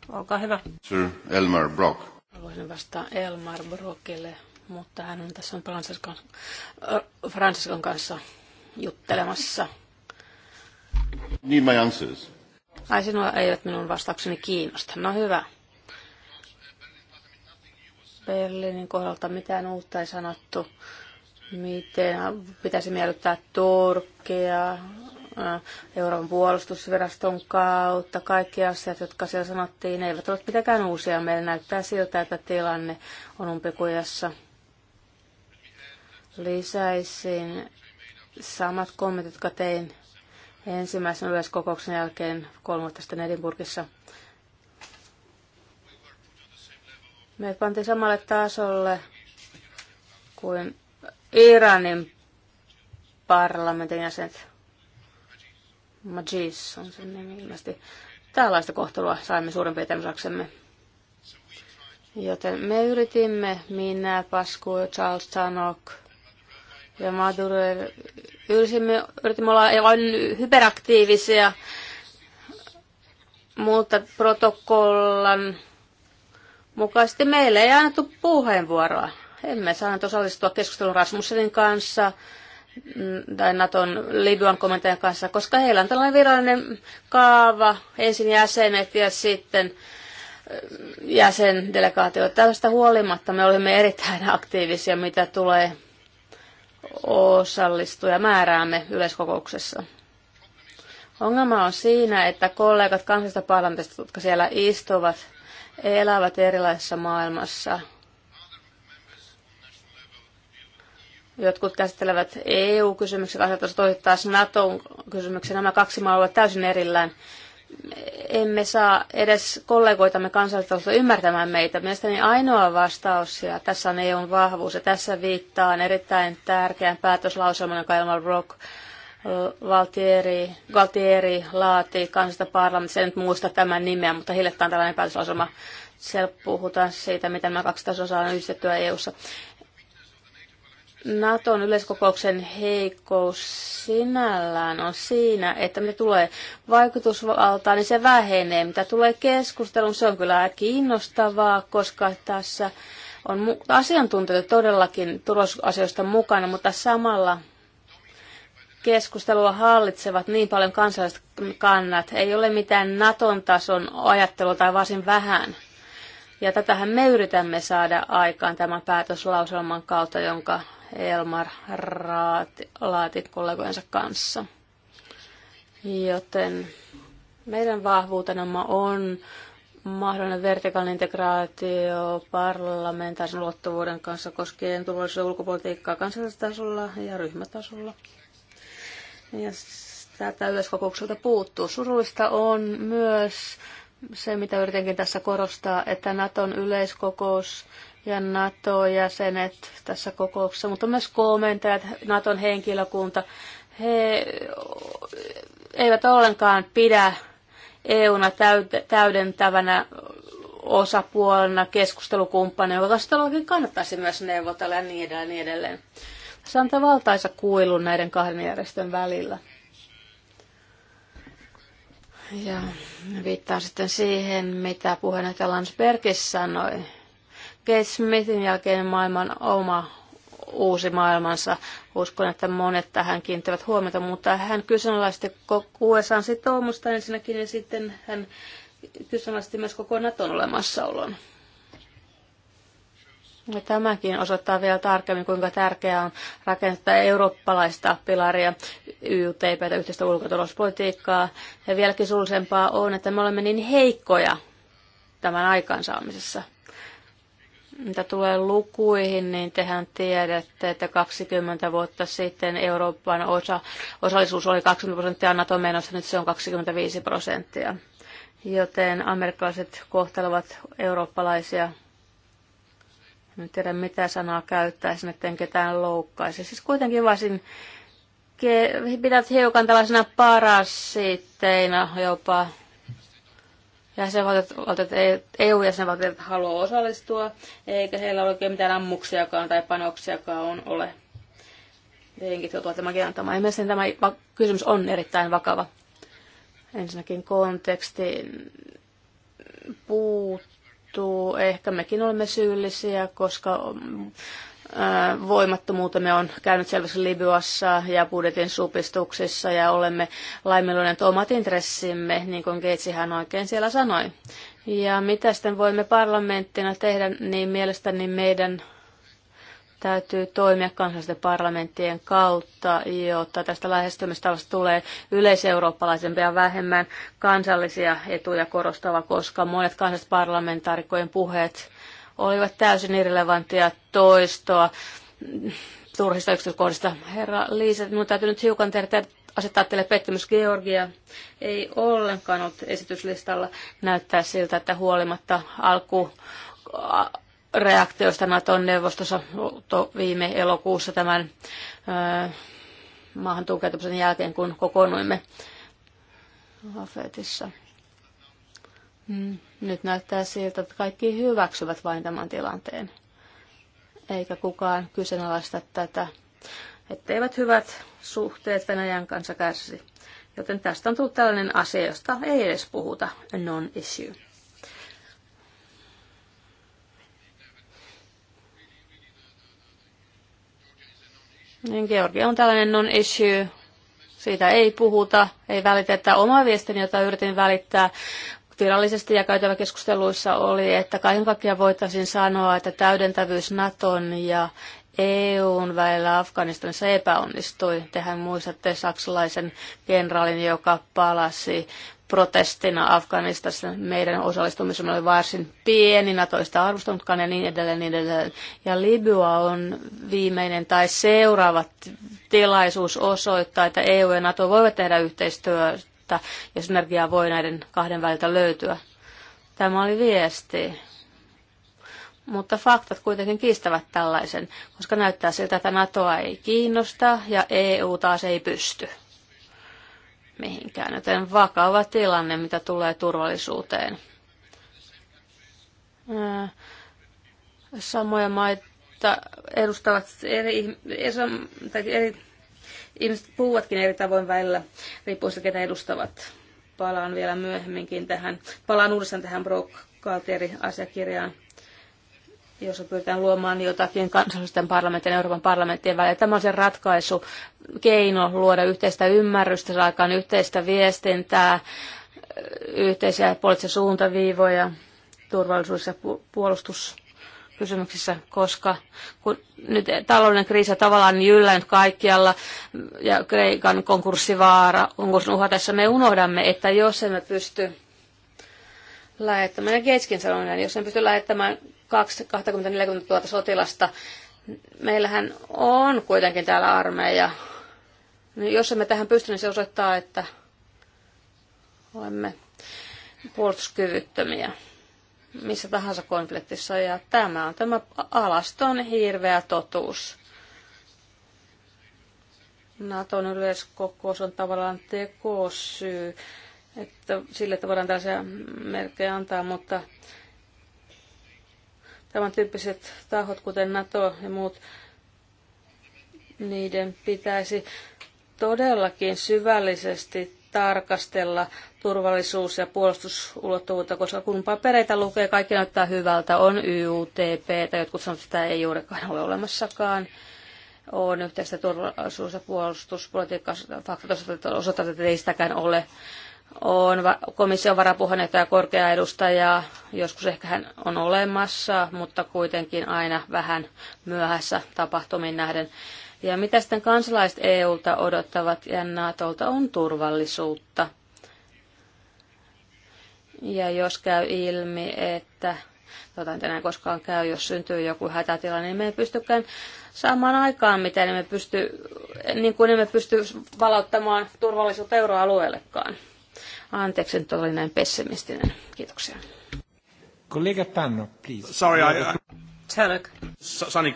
Olkaa hyvä. Sir Elmar Brock. Haluaisin vastata Elmar Brockille mutta hän on tässä on Franciscon, Franciscon kanssa juttelemassa. Niin my answers. Ai sinua eivät minun vastaukseni kiinnosta. No hyvä. Berliinin kohdalta mitään uutta ei sanottu. Miten pitäisi miellyttää Turkkia, Euroopan puolustusviraston kautta. Kaikki asiat, jotka siellä sanottiin, eivät ole mitenkään uusia. Meillä näyttää siltä, että tilanne on umpikujassa. Lisäisin samat kommentit, jotka tein ensimmäisen yleiskokouksen jälkeen 13. Edinburghissa. Me pantiin samalle tasolle kuin Iranin parlamentin jäsenet. Majis on sen nimi ilmeisesti. Tällaista kohtelua saimme suurin piirtein osaksemme. Joten me yritimme, minä, Pasku, Charles Tanok, ja Maduro. Yritimme, yritimme olla vain hyperaktiivisia, mutta protokollan mukaisesti meille ei annettu puheenvuoroa. Emme saaneet osallistua keskustelun Rasmussenin kanssa mm, tai Naton Libyan komentajan kanssa, koska heillä on tällainen virallinen kaava, ensin jäsenet ja sitten mm, jäsendelegaatio. Tällaista huolimatta me olimme erittäin aktiivisia, mitä tulee osallistujamääräämme yleiskokouksessa. Ongelma on siinä, että kollegat kansallisesta parlamentista, jotka siellä istuvat, elävät erilaisessa maailmassa. Jotkut käsittelevät eu kysymyksiä toiset taas nato kysymyksiä Nämä kaksi maailmaa ovat täysin erillään emme saa edes kollegoitamme kansallistasosta ymmärtämään meitä. Mielestäni ainoa vastaus, ja tässä on EUn vahvuus, ja tässä viittaan erittäin tärkeän päätöslauselman, joka Elmar Brock Valtieri, Valtieri laati kansasta parlamentissa, en nyt muista tämän nimeä, mutta hiljattain tällainen päätöslauselma. Siellä puhutaan siitä, miten nämä kaksi tasoa saadaan yhdistettyä EU-ssa. Naton yleiskokouksen heikkous sinällään on siinä, että mitä tulee vaikutusvaltaan, niin se vähenee. Mitä tulee keskusteluun, se on kyllä kiinnostavaa, koska tässä on asiantuntijoita todellakin turvallisuusasioista mukana, mutta samalla keskustelua hallitsevat niin paljon kansalliset kannat. Ei ole mitään Naton tason ajattelua tai varsin vähän. Ja tätähän me yritämme saada aikaan tämän päätöslauselman kautta, jonka Elmar raati, kollegojensa kanssa. Joten meidän vahvuutenamme on mahdollinen vertikaalinen integraatio parlamentaarisen luottavuuden kanssa koskien turvallisuuden ulkopolitiikkaa kansallistasolla ja ryhmätasolla. Ja tätä yleiskokoukselta puuttuu. Surullista on myös se, mitä yritinkin tässä korostaa, että Naton yleiskokous ja NATO-jäsenet tässä kokouksessa, mutta myös komentajat, NATOn henkilökunta, he eivät ollenkaan pidä EUna täydentävänä osapuolena, keskustelukumppanina, joka todellakin kannattaisi myös neuvotella ja niin edelleen. Niin edelleen. Se on valtaisa kuilu näiden kahden järjestön välillä. Ja viittaan sitten siihen, mitä puheenjohtaja Landsbergis sanoi Kate Smithin jälkeen maailman oma uusi maailmansa. Uskon, että monet tähän kiinnittävät huomiota, mutta hän kyseenalaisti USA sitoumusta ensinnäkin ja sitten hän kyseenalaisti myös koko Naton olemassaolon. Ja tämäkin osoittaa vielä tarkemmin, kuinka tärkeää on rakentaa eurooppalaista pilaria YTPtä, yhteistä ulkotalouspolitiikkaa. Ja vieläkin sulisempaa on, että me olemme niin heikkoja tämän aikaansaamisessa. Mitä tulee lukuihin, niin tehän tiedätte, että 20 vuotta sitten Euroopan osa, osallisuus oli 20 prosenttia nato menossa, nyt se on 25 prosenttia. Joten amerikkalaiset kohtelevat eurooppalaisia, en tiedä mitä sanaa käyttäisin, etten ketään loukkaisi. Siis kuitenkin varsin pidät hiukan tällaisena parasitteina jopa jäsenvaltiot, EU-jäsenvaltiot e haluaa osallistua, eikä heillä ole oikein mitään ammuksiakaan tai panoksiakaan ole. Tietenkin joutuvat tämäkin antamaan. mielestäni tämä kysymys on erittäin vakava. Ensinnäkin konteksti puuttuu. Ehkä mekin olemme syyllisiä, koska voimattomuutemme on käynyt selväksi Libyassa ja budjetin supistuksissa ja olemme laiminlyöneet omat intressimme, niin kuin Gatetsihän oikein siellä sanoi. Ja mitä sitten voimme parlamenttina tehdä, niin mielestäni meidän täytyy toimia kansallisten parlamenttien kautta, jotta tästä lähestymistavasta tulee yleiseurooppalaisempi ja vähemmän kansallisia etuja korostava, koska monet kansallisparlamentaarikkojen puheet olivat täysin irrelevanttia toistoa turhista yksityiskohdista. Herra Liisa, minun täytyy nyt hiukan tehdä asettaa teille pettymys. Georgia ei ollenkaan ollut esityslistalla. Näyttää siltä, että huolimatta alku reaktioista Naton neuvostossa viime elokuussa tämän öö, maahan jälkeen, kun kokoonnuimme Afetissa. Mm, nyt näyttää siltä, että kaikki hyväksyvät vain tämän tilanteen. Eikä kukaan kyseenalaista tätä, etteivät hyvät suhteet Venäjän kanssa kärsi. Joten tästä on tullut tällainen asia, josta ei edes puhuta, non-issue. Niin Georgia on tällainen non-issue. Siitä ei puhuta, ei välitetä. Oma viestini, jota yritin välittää, virallisesti ja käytävä keskusteluissa oli, että kaiken kaikkiaan voitaisiin sanoa, että täydentävyys Naton ja EUn välillä Afganistanissa epäonnistui. Tehän muistatte saksalaisen kenraalin, joka palasi protestina Afganistassa. Meidän osallistumisemme oli varsin pieni, Natoista arvostunutkaan ja niin edelleen, niin edelleen. Ja Libya on viimeinen tai seuraava tilaisuus osoittaa, että EU ja NATO voivat tehdä yhteistyötä että ja synergiaa voi näiden kahden väliltä löytyä. Tämä oli viesti. Mutta faktat kuitenkin kiistävät tällaisen, koska näyttää siltä, että NATOa ei kiinnosta ja EU taas ei pysty mihinkään. Joten vakava tilanne, mitä tulee turvallisuuteen. Samoja maita edustavat eri, eri, eri Ihmiset puhuvatkin eri tavoin välillä, riippuu siitä, ketä edustavat. Palaan vielä myöhemminkin tähän, palaan uudestaan tähän Brock asiakirjaan jossa pyritään luomaan jotakin kansallisten parlamenttien ja Euroopan parlamenttien välillä. Tämä on se ratkaisu, keino luoda yhteistä ymmärrystä, saakaan yhteistä viestintää, yhteisiä poliittisia suuntaviivoja turvallisuus- ja puolustus kysymyksissä, koska kun nyt talouden kriisi tavallaan jyllänyt kaikkialla ja Kreikan konkurssivaara, konkurssin uhatessa me unohdamme, että jos emme pysty lähettämään, ja Gateskin sanoi niin jos emme pysty lähettämään 20 000 sotilasta, meillähän on kuitenkin täällä armeija. Niin jos emme tähän pysty, niin se osoittaa, että olemme puolustuskyvyttömiä missä tahansa konfliktissa. Ja tämä on tämä alaston hirveä totuus. Naton yleiskokous on tavallaan tekosyy, että sille tavallaan tällaisia merkkejä antaa, mutta tämän tyyppiset tahot, kuten Nato ja muut, niiden pitäisi todellakin syvällisesti tarkastella turvallisuus- ja puolustusulottuvuutta, koska kun papereita lukee, kaikki näyttää hyvältä. On YUTP, tai jotkut sanovat, että sitä ei juurikaan ole olemassakaan. On yhteistä turvallisuus- ja puolustuspolitiikkaa, faktat osoittavat, että ei sitäkään ole. On komission varapuheenjohtaja korkea edustaja, joskus ehkä hän on olemassa, mutta kuitenkin aina vähän myöhässä tapahtumiin nähden. Ja mitä sitten kansalaiset EUlta odottavat ja NATOlta on turvallisuutta ja jos käy ilmi, että jota tänään koskaan käy, jos syntyy joku hätätila, niin me ei pystykään saamaan aikaan mitään, niin me pysty, niin kuin emme niin pysty valauttamaan turvallisuutta euroalueellekaan. Anteeksi, nyt oli näin pessimistinen. Kiitoksia. Kollega Tanno, please. Sorry, I, I... Tannock.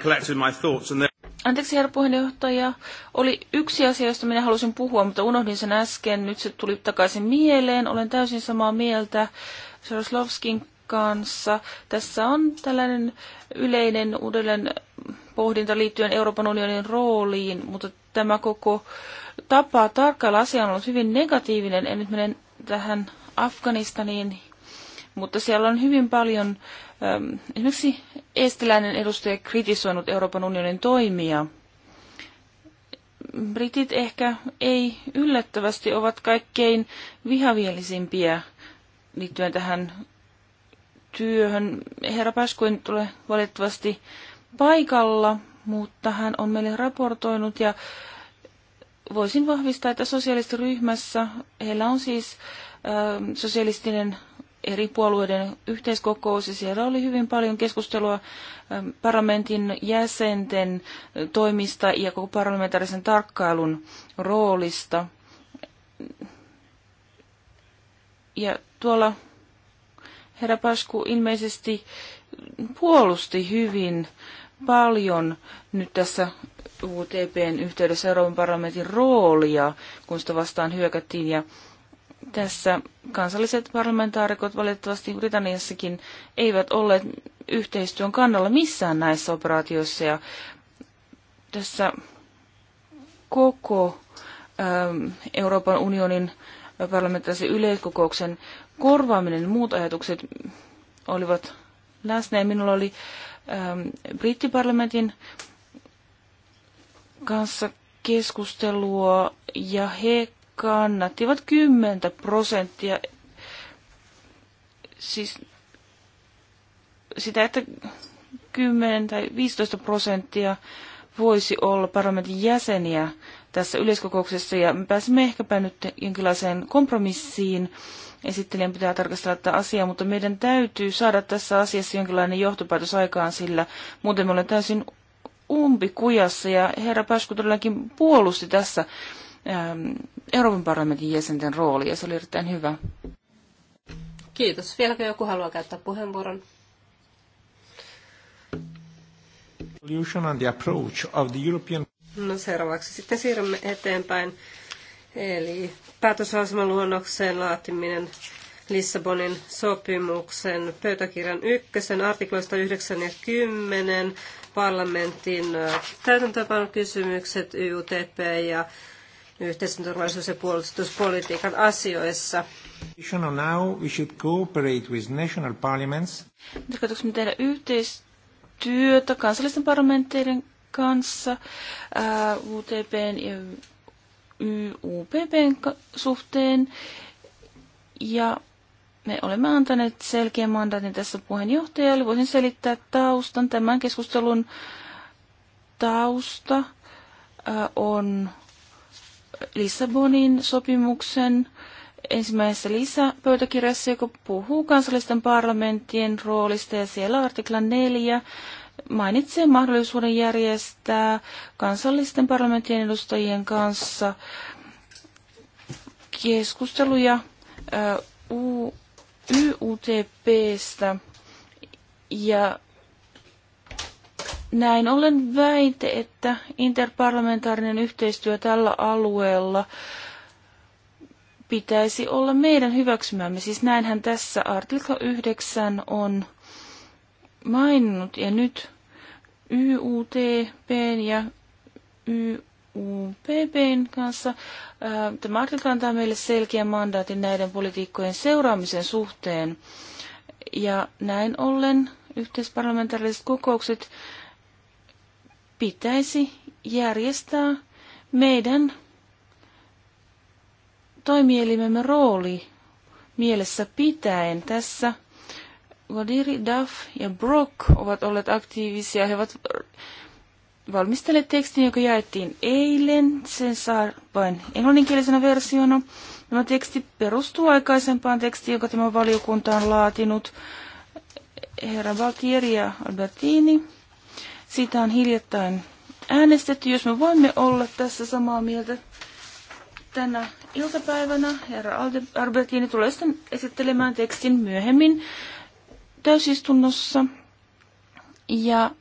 collected my thoughts and Anteeksi, herra puheenjohtaja. Oli yksi asia, josta minä halusin puhua, mutta unohdin sen äsken. Nyt se tuli takaisin mieleen. Olen täysin samaa mieltä Soroslovskin kanssa. Tässä on tällainen yleinen uudelleen pohdinta liittyen Euroopan unionin rooliin, mutta tämä koko tapa tarkkailla asia on ollut hyvin negatiivinen. En nyt mene tähän Afganistaniin, mutta siellä on hyvin paljon esimerkiksi estiläinen edustaja kritisoinut Euroopan unionin toimia. Britit ehkä ei yllättävästi ovat kaikkein vihavielisimpiä liittyen tähän työhön. Herra Paskuin tulee valitettavasti paikalla, mutta hän on meille raportoinut ja voisin vahvistaa, että sosialistiryhmässä heillä on siis äh, sosialistinen eri puolueiden yhteiskokous ja siellä oli hyvin paljon keskustelua parlamentin jäsenten toimista ja koko parlamentaarisen tarkkailun roolista. Ja tuolla herra Pasku ilmeisesti puolusti hyvin paljon nyt tässä UTPn yhteydessä Euroopan parlamentin roolia, kun sitä vastaan hyökättiin ja tässä kansalliset parlamentaarikot valitettavasti Britanniassakin eivät olleet yhteistyön kannalla missään näissä operaatioissa ja tässä koko ähm, Euroopan unionin parlamentaarisen yleiskokouksen korvaaminen muut ajatukset olivat läsnä ja minulla oli äm, brittiparlamentin kanssa keskustelua ja he kannattivat 10 prosenttia. Siis sitä, että 10 tai 15 prosenttia voisi olla parlamentin jäseniä tässä yleiskokouksessa ja me pääsemme ehkäpä nyt jonkinlaiseen kompromissiin. Esittelijän pitää tarkastella tätä asiaa, mutta meidän täytyy saada tässä asiassa jonkinlainen johtopäätös aikaan, sillä muuten me olemme täysin umpikujassa ja herra Pasku todellakin puolusti tässä ähm, Euroopan parlamentin jäsenten rooli, ja se oli erittäin hyvä. Kiitos. Vieläkö joku haluaa käyttää puheenvuoron? No seuraavaksi sitten siirrymme eteenpäin. Eli päätösasemaluonnoksen laatiminen Lissabonin sopimuksen pöytäkirjan ykkösen artikloista 9 ja 10, parlamentin täytäntöönpanokysymykset, YUTP ja yhteisen turvallisuus- ja puolustuspolitiikan asioissa. Now we should cooperate with national parliaments. me tehdä yhteistyötä kansallisten parlamentteiden kanssa uh, äh, UTPn ja YUPPn suhteen. Ja me olemme antaneet selkeän mandaatin tässä puheenjohtajalle. Voisin selittää taustan. Tämän keskustelun tausta äh, on Lissabonin sopimuksen ensimmäisessä lisäpöytäkirjassa, joka puhuu kansallisten parlamenttien roolista ja siellä artikla 4 mainitsee mahdollisuuden järjestää kansallisten parlamenttien edustajien kanssa keskusteluja YUTPstä ja näin ollen väite, että interparlamentaarinen yhteistyö tällä alueella pitäisi olla meidän hyväksymämme. Siis näinhän tässä artikla 9 on maininnut ja nyt YUTP ja YUPP kanssa. Tämä artikla antaa meille selkeän mandaatin näiden politiikkojen seuraamisen suhteen. Ja näin ollen yhteisparlamentaariset kokoukset pitäisi järjestää meidän toimielimemme rooli mielessä pitäen tässä. Vadiri Duff ja Brock ovat olleet aktiivisia. He ovat valmistelleet tekstin, joka jaettiin eilen. Sen saa vain englanninkielisenä versiona. Tämä teksti perustuu aikaisempaan tekstiin, joka tämä valiokunta on laatinut. Herra Valtieri ja Albertini siitä on hiljattain äänestetty, jos me voimme olla tässä samaa mieltä tänä iltapäivänä. Herra Albertini tulee sitten esittelemään tekstin myöhemmin täysistunnossa. Ja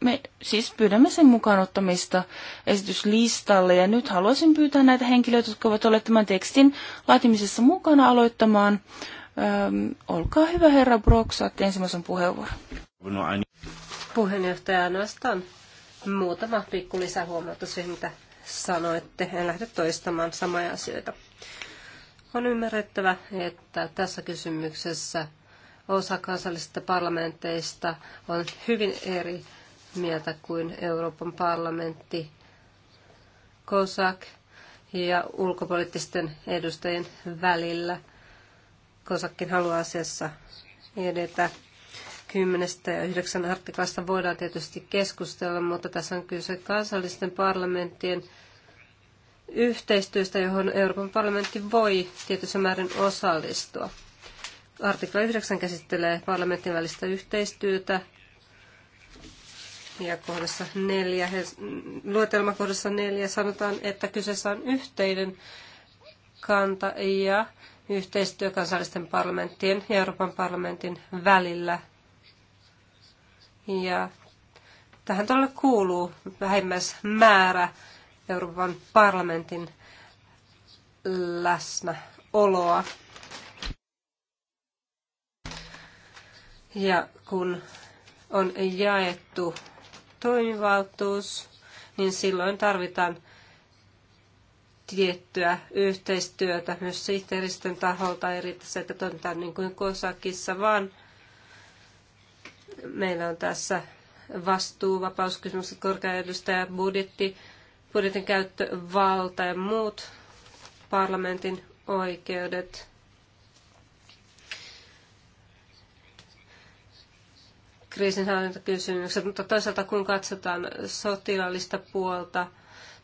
me siis pyydämme sen mukaan ottamista esityslistalle ja nyt haluaisin pyytää näitä henkilöitä, jotka ovat olleet tämän tekstin laatimisessa mukana aloittamaan. Öm, olkaa hyvä herra Brock, saatte ensimmäisen puheenvuoron. Puheenjohtaja ainoastaan muutama pikku lisähuomautus siihen, mitä sanoitte. En lähde toistamaan samoja asioita. On ymmärrettävä, että tässä kysymyksessä osa kansallisista parlamenteista on hyvin eri mieltä kuin Euroopan parlamentti, COSAC ja ulkopoliittisten edustajien välillä. COSACkin haluaa asiassa edetä. 10 ja 9 artiklasta voidaan tietysti keskustella, mutta tässä on kyse kansallisten parlamenttien yhteistyöstä, johon Euroopan parlamentti voi tietyssä määrin osallistua. Artikla 9 käsittelee parlamentin välistä yhteistyötä ja kohdassa 4, luetelmakohdassa neljä sanotaan, että kyseessä on yhteinen kanta ja yhteistyö kansallisten parlamenttien ja Euroopan parlamentin välillä ja tähän todella kuuluu vähimmäismäärä Euroopan parlamentin läsnäoloa. Ja kun on jaettu toimivaltuus, niin silloin tarvitaan tiettyä yhteistyötä myös sihteeristön taholta. Ei riitä se, että toimitaan niin kuin Kosakissa, vaan Meillä on tässä vastuu, vapauskysymykset, korkea edustaja, budjetti, budjetin valta ja muut parlamentin oikeudet. kriisinhallintakysymykset, mutta toisaalta kun katsotaan sotilaallista puolta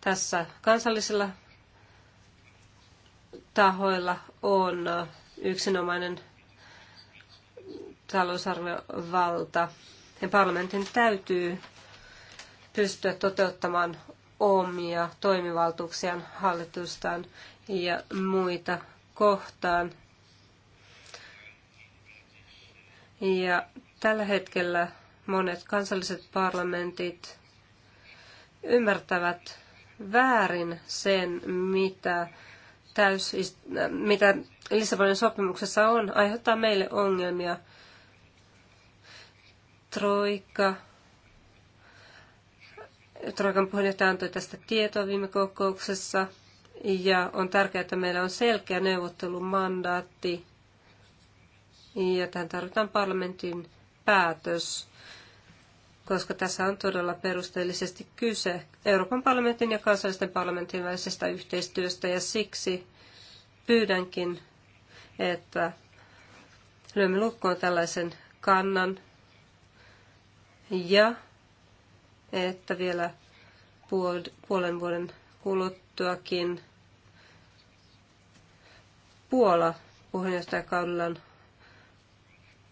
tässä kansallisilla tahoilla on yksinomainen talousarviovalta ja parlamentin täytyy pystyä toteuttamaan omia toimivaltuuksiaan hallitustaan ja muita kohtaan. Ja tällä hetkellä monet kansalliset parlamentit ymmärtävät väärin sen, mitä, täys, mitä Lissabonin sopimuksessa on, aiheuttaa meille ongelmia Troika. Troikan puheenjohtaja antoi tästä tietoa viime kokouksessa. Ja on tärkeää, että meillä on selkeä neuvottelumandaatti. Ja tähän tarvitaan parlamentin päätös, koska tässä on todella perusteellisesti kyse Euroopan parlamentin ja kansallisten parlamentin välisestä yhteistyöstä. Ja siksi pyydänkin, että lyömme lukkoon tällaisen kannan ja että vielä puolen vuoden kuluttuakin Puola puheenjohtajakaudellaan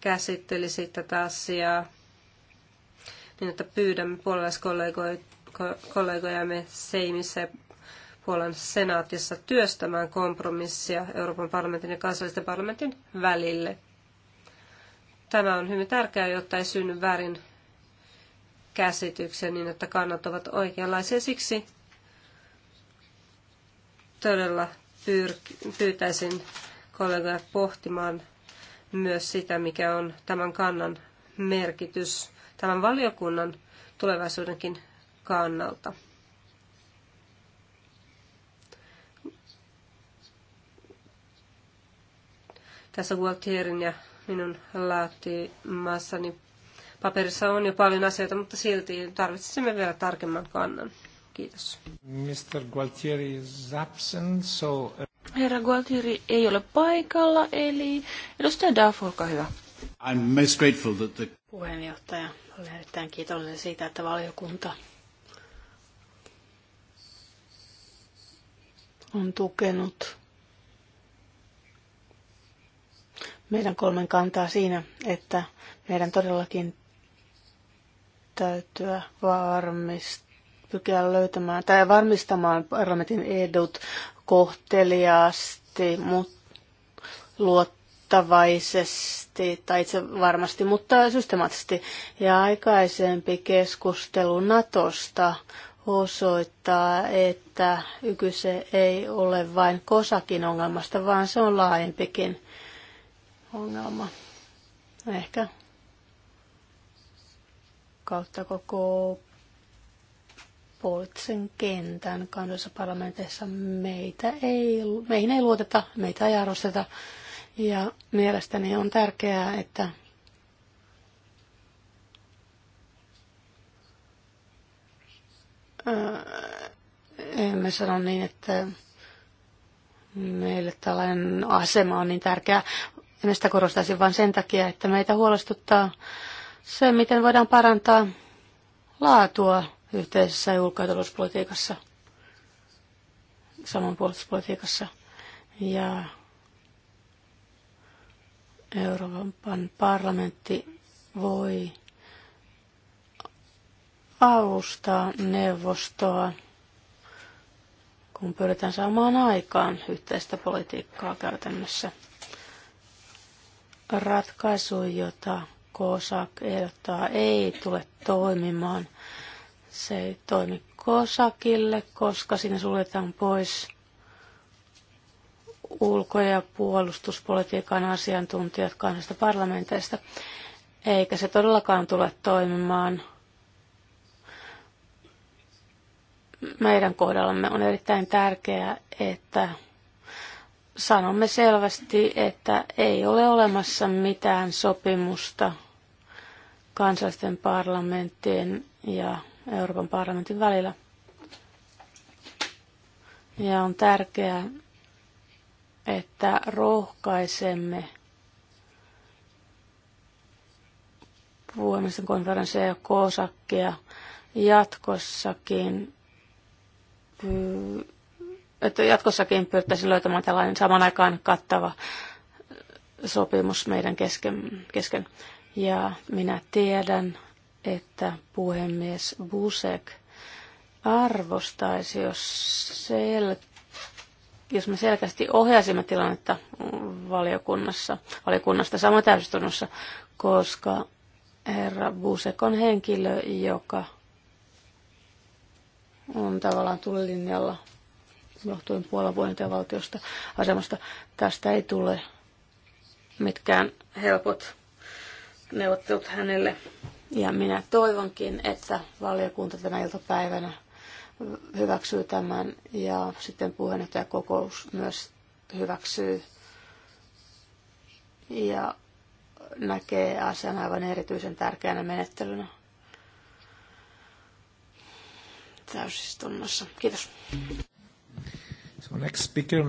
käsittelisi tätä asiaa niin, että pyydämme puolalaiskollegojamme Seimissä ja Puolan senaatissa työstämään kompromissia Euroopan parlamentin ja kansallisten parlamentin välille. Tämä on hyvin tärkeää, jotta ei synny väärin käsityksen niin, että kannat ovat oikeanlaisia. Siksi todella pyytäisin kollegoja pohtimaan myös sitä, mikä on tämän kannan merkitys tämän valiokunnan tulevaisuudenkin kannalta. Tässä Gualtierin ja minun laatimassani Paperissa on jo paljon asioita, mutta silti tarvitsisimme vielä tarkemman kannan. Kiitos. Mr. Gualtieri is absent, so... Uh, Herra Gualtieri ei ole paikalla, eli edustaja Duff, olkaa hyvä. I'm most grateful that the... Puheenjohtaja, olen erittäin kiitollinen siitä, että valiokunta on tukenut meidän kolmen kantaa siinä, että meidän todellakin täytyä varmistaa pykää löytämään tai varmistamaan parlamentin edut kohteliaasti, mutta luottavaisesti tai itse varmasti, mutta systemaattisesti. Ja aikaisempi keskustelu Natosta osoittaa, että kyse ei ole vain kosakin ongelmasta, vaan se on laajempikin ongelma. Ehkä kautta koko poliittisen kentän kansallisessa parlamentissa. Meitä ei, meihin ei luoteta, meitä ei arvosteta. Ja mielestäni on tärkeää, että emme sano niin, että meille tällainen asema on niin tärkeä. En sitä korostaisi vain sen takia, että meitä huolestuttaa se, miten voidaan parantaa laatua yhteisessä ja ulko- ja talouspolitiikassa, samoin puolustuspolitiikassa ja Euroopan parlamentti voi avustaa neuvostoa, kun pyritään saamaan aikaan yhteistä politiikkaa käytännössä. Ratkaisu, jota Kosak ehdottaa, ei tule toimimaan. Se ei toimi kosakille, koska siinä suljetaan pois ulko- ja puolustuspolitiikan asiantuntijat kansallisista parlamenteista, eikä se todellakaan tule toimimaan meidän kohdallamme on erittäin tärkeää, että sanomme selvästi, että ei ole olemassa mitään sopimusta kansallisten parlamenttien ja Euroopan parlamentin välillä. Ja on tärkeää, että rohkaisemme puhumisen konferenssia ja koosakkeja jatkossakin, että jatkossakin pyrittäisiin löytämään tällainen saman aikaan kattava sopimus meidän kesken. kesken. Ja minä tiedän, että puhemies Busek arvostaisi, jos, sel- jos me selkeästi ohjaisimme tilannetta valiokunnassa, valiokunnasta sama täysistunnossa, koska herra Busek on henkilö, joka on tavallaan tulilinjalla johtuen ja valtiosta asemasta. Tästä ei tule mitkään helpot neuvottelut hänelle. Ja minä toivonkin, että valiokunta tänä iltapäivänä hyväksyy tämän ja sitten puheenjohtajakokous myös hyväksyy ja näkee asian aivan erityisen tärkeänä menettelynä täysistunnossa. Kiitos. So next speaker,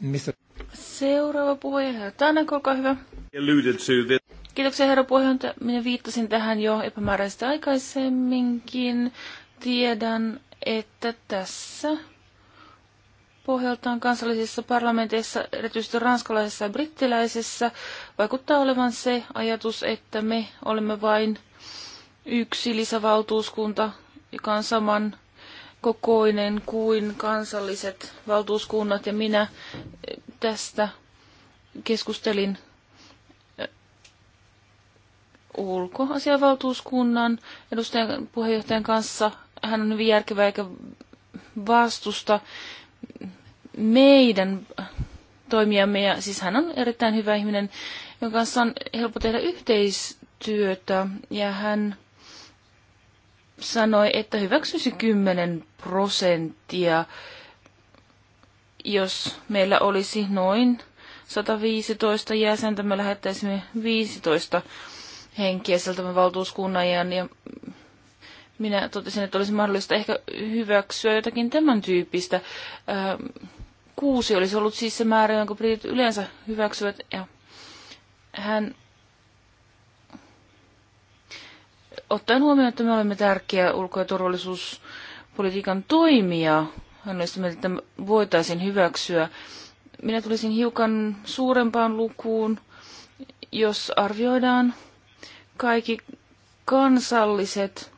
Mr. Seuraava puheenjohtaja Tanak, olkaa hyvä. Alluded to this. Kiitoksia herra puheenjohtaja. Minä viittasin tähän jo epämääräisesti aikaisemminkin. Tiedän, että tässä pohjaltaan kansallisissa parlamenteissa, erityisesti ranskalaisessa ja brittiläisessä, vaikuttaa olevan se ajatus, että me olemme vain yksi lisävaltuuskunta, joka on saman kokoinen kuin kansalliset valtuuskunnat, ja minä tästä keskustelin ulkoasianvaltuuskunnan edustajan puheenjohtajan kanssa. Hän on hyvin järkevä eikä vastusta meidän toimijamme, ja siis hän on erittäin hyvä ihminen, jonka kanssa on helppo tehdä yhteistyötä, ja hän sanoi, että hyväksyisi 10 prosenttia, jos meillä olisi noin 115 jäsentä, me lähettäisimme 15 henkiä sieltä valtuuskunnan ja minä totesin, että olisi mahdollista ehkä hyväksyä jotakin tämän tyyppistä. Ähm, kuusi olisi ollut siis se määrä, jonka britit yleensä hyväksyvät. Ja hän ottaen huomioon, että me olemme tärkeä ulko- ja turvallisuuspolitiikan toimija, hän olisi mieltä, että voitaisiin hyväksyä. Minä tulisin hiukan suurempaan lukuun, jos arvioidaan kaikki kansalliset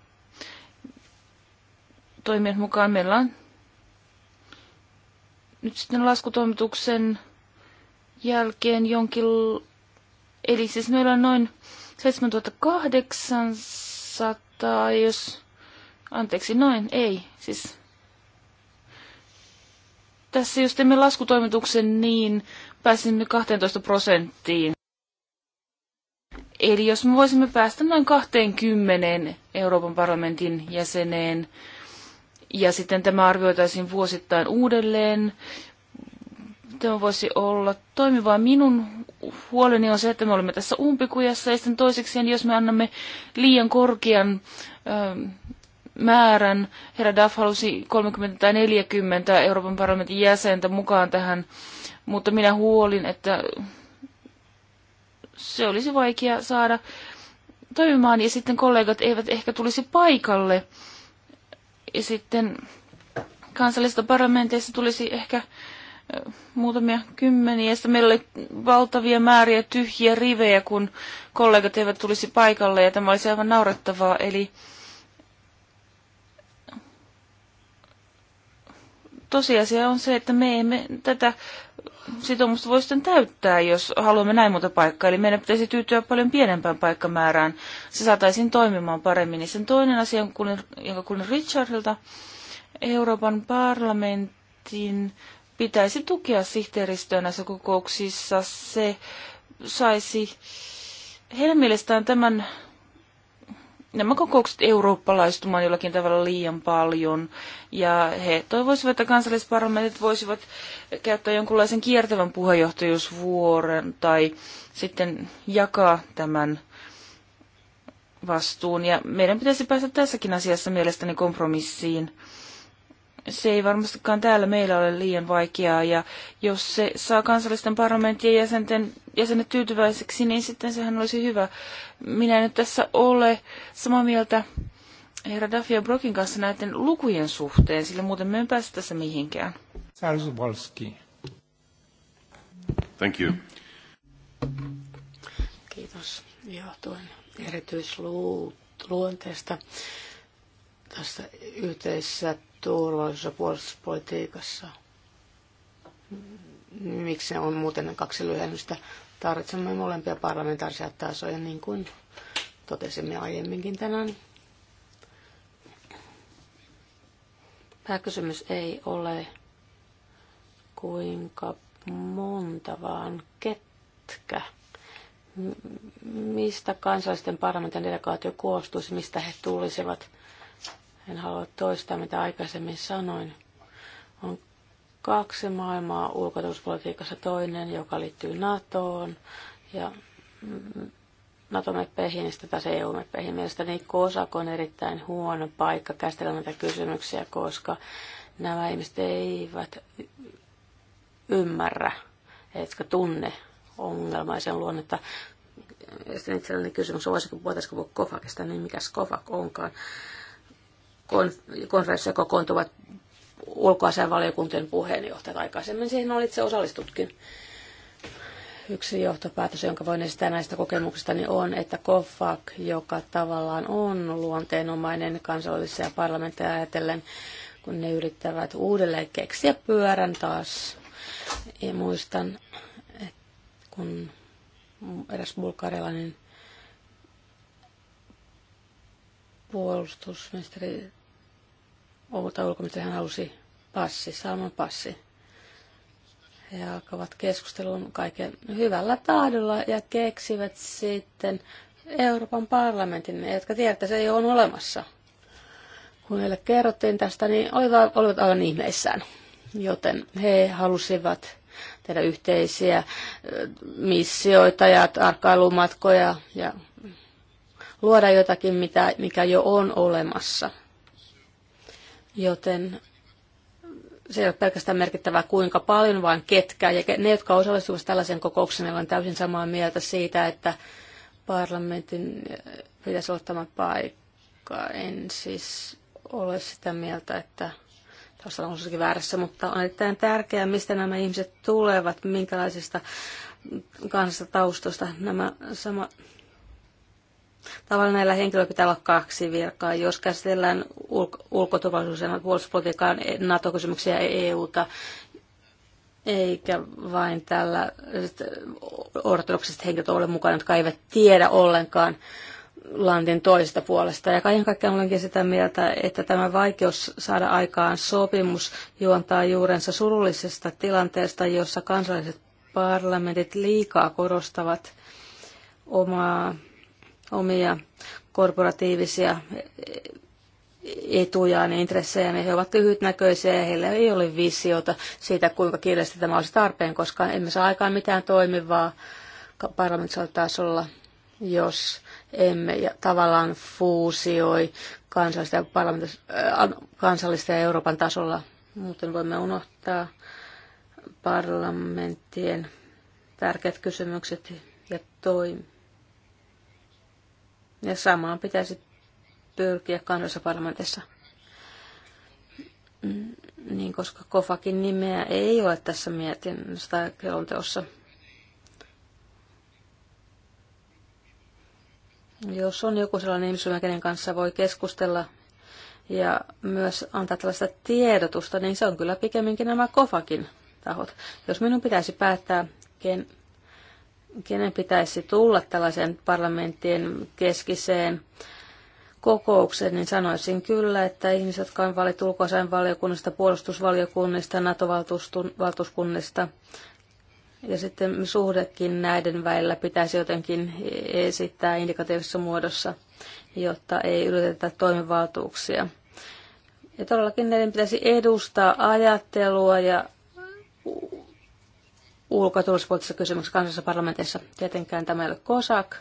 toimijat mukaan. Meillä on nyt sitten laskutoimituksen jälkeen jonkin... Eli siis meillä on noin 7800, jos... Anteeksi, noin, ei, siis... Tässä jos teemme laskutoimituksen, niin pääsimme 12 prosenttiin. Eli jos me voisimme päästä noin 20 Euroopan parlamentin jäseneen, ja sitten tämä arvioitaisiin vuosittain uudelleen, tämä voisi olla toimivaa. Minun huoleni on se, että me olemme tässä umpikujassa, ja sitten toiseksi, niin jos me annamme liian korkean ö, ähm, määrän, herra Duff halusi 30 tai 40 Euroopan parlamentin jäsentä mukaan tähän, mutta minä huolin, että se olisi vaikea saada toimimaan ja sitten kollegat eivät ehkä tulisi paikalle. Ja sitten kansallisista parlamenteista tulisi ehkä muutamia kymmeniä. Ja sitten meillä oli valtavia määriä tyhjiä rivejä, kun kollegat eivät tulisi paikalle ja tämä olisi aivan naurettavaa. Eli tosiasia on se, että me emme tätä sitoumusta voi sitten täyttää, jos haluamme näin muuta paikkaa. Eli meidän pitäisi tyytyä paljon pienempään paikkamäärään. Se saataisiin toimimaan paremmin. Ja sen toinen asia, jonka kuulin Richardilta, Euroopan parlamentin pitäisi tukea sihteeristöä näissä kokouksissa. Se saisi heidän mielestään tämän nämä kokoukset eurooppalaistumaan jollakin tavalla liian paljon. Ja he toivoisivat, että kansallisparlamentit voisivat käyttää jonkunlaisen kiertävän puheenjohtajuusvuoren tai sitten jakaa tämän vastuun. Ja meidän pitäisi päästä tässäkin asiassa mielestäni kompromissiin se ei varmastikaan täällä meillä ole liian vaikeaa, ja jos se saa kansallisten parlamenttien jäsenten, jäsenet tyytyväiseksi, niin sitten sehän olisi hyvä. Minä nyt tässä ole samaa mieltä herra Daffia Brokin kanssa näiden lukujen suhteen, sillä muuten me en päästä tässä mihinkään. Thank you. Kiitos. Johtuen erityisluonteesta tässä yhteisessä turvallisuus- ja puolustuspolitiikassa. Miksi se on muuten kaksi lyhennystä? Tarvitsemme molempia parlamentaarisia tasoja, niin kuin totesimme aiemminkin tänään. Pääkysymys ei ole kuinka monta, vaan ketkä. Mistä kansallisten parlamentin delegaatio koostuisi, mistä he tulisivat en halua toistaa mitä aikaisemmin sanoin, on kaksi maailmaa ulkotuspolitiikassa. Toinen, joka liittyy NATOon ja NATO-meppeihin ja taas EU-meppeihin. Mielestäni COSAC on erittäin huono paikka käsitellä näitä kysymyksiä, koska nämä ihmiset eivät ymmärrä, etkä tunne ongelmaisen luonnetta. Ja sitten itselleni kysymys, voisiko, voitaisiko puhua Kofakista, niin mikä Kofak onkaan konferenssissa kokoontuvat ulkoasianvaliokuntien puheenjohtajat. Aikaisemmin siihen olit itse osallistutkin. Yksi johtopäätös, jonka voin esittää näistä niin on, että COFAC, joka tavallaan on luonteenomainen kansallisia parlamentteja ajatellen, kun ne yrittävät uudelleen keksiä pyörän taas. Ja muistan, että kun eräs bulgarialainen puolustusministeri tai ulkoministeri hän halusi passi, Salman passi. He alkavat keskustelun kaiken hyvällä tahdolla ja keksivät sitten Euroopan parlamentin, jotka tiedät, että se ei ole olemassa. Kun heille kerrottiin tästä, niin olivat, olivat aivan ihmeissään. Joten he halusivat tehdä yhteisiä missioita ja tarkkailumatkoja ja luoda jotakin, mitä, mikä jo on olemassa. Joten se ei ole pelkästään merkittävää kuinka paljon, vaan ketkä. Ja ne, jotka osallistuvat tällaisen kokoukseen, ovat täysin samaa mieltä siitä, että parlamentin eh, pitäisi olla tämä paikka. En siis ole sitä mieltä, että tässä on jossakin väärässä, mutta on erittäin tärkeää, mistä nämä ihmiset tulevat, minkälaisista kansasta taustoista nämä sama, Tavallaan näillä henkilöillä pitää olla kaksi virkaa. Jos käsitellään ulko- ulkoturvallisuus- ja puolustuspolitiikkaa, eh, NATO-kysymyksiä ja EUta, eikä vain tällä eh, ortodoksiset henkilöt ole mukana, jotka eivät tiedä ollenkaan Lantin toisesta puolesta. Ja kaiken kaikkiaan olenkin sitä mieltä, että tämä vaikeus saada aikaan sopimus juontaa juurensa surullisesta tilanteesta, jossa kansalliset parlamentit liikaa korostavat omaa omia korporatiivisia etujaan ja intressejään, niin he ovat lyhytnäköisiä ja heillä ei ole visiota siitä, kuinka kiireesti tämä olisi tarpeen, koska emme saa aikaan mitään toimivaa parlamentaarisella tasolla, jos emme ja tavallaan fuusioi kansallista ja, äh, kansallista ja Euroopan tasolla. Muuten voimme unohtaa parlamenttien tärkeät kysymykset ja toimia ja samaan pitäisi pyrkiä kansallisessa parlamentissa. Mm, niin, koska Kofakin nimeä ei ole tässä mietinnössä tai kelonteossa. Jos on joku sellainen ihmisryhmä, kenen kanssa voi keskustella ja myös antaa tällaista tiedotusta, niin se on kyllä pikemminkin nämä Kofakin tahot. Jos minun pitäisi päättää, ken, kenen pitäisi tulla tällaisen parlamenttien keskiseen kokoukseen, niin sanoisin kyllä, että ihmiset, jotka on valittu ulkoasainvaliokunnista, puolustusvaliokunnista, NATO-valtuuskunnista ja sitten suhdekin näiden välillä pitäisi jotenkin esittää indikatiivisessa muodossa, jotta ei ylitetä toimivaltuuksia. Ja todellakin näiden pitäisi edustaa ajattelua ja ulko- ja turvallisuuspoliittisissa kysymyksissä kansallisessa parlamentissa. Tietenkään tämä ei ole COSAC,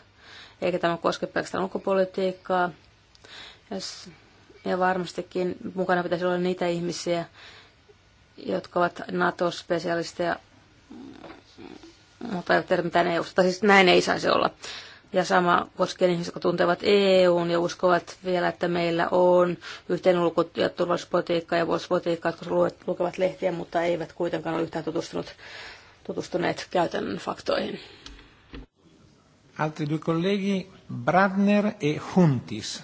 eikä tämä koske pelkästään ulkopolitiikkaa. Ja varmastikin mukana pitäisi olla niitä ihmisiä, jotka ovat NATO-spesialisteja, mutta ei ole mitään eu -sta. Siis näin ei saisi olla. Ja sama koskee ihmisiä, jotka tuntevat EUn ja uskovat vielä, että meillä on yhteen ulko- ja turvallisuuspolitiikka ja puolustuspolitiikka, jotka lukevat lehtiä, mutta eivät kuitenkaan ole yhtään tutustunut tutustuneet käytännön faktoihin. Altri due colleghi, Bradner e Huntis.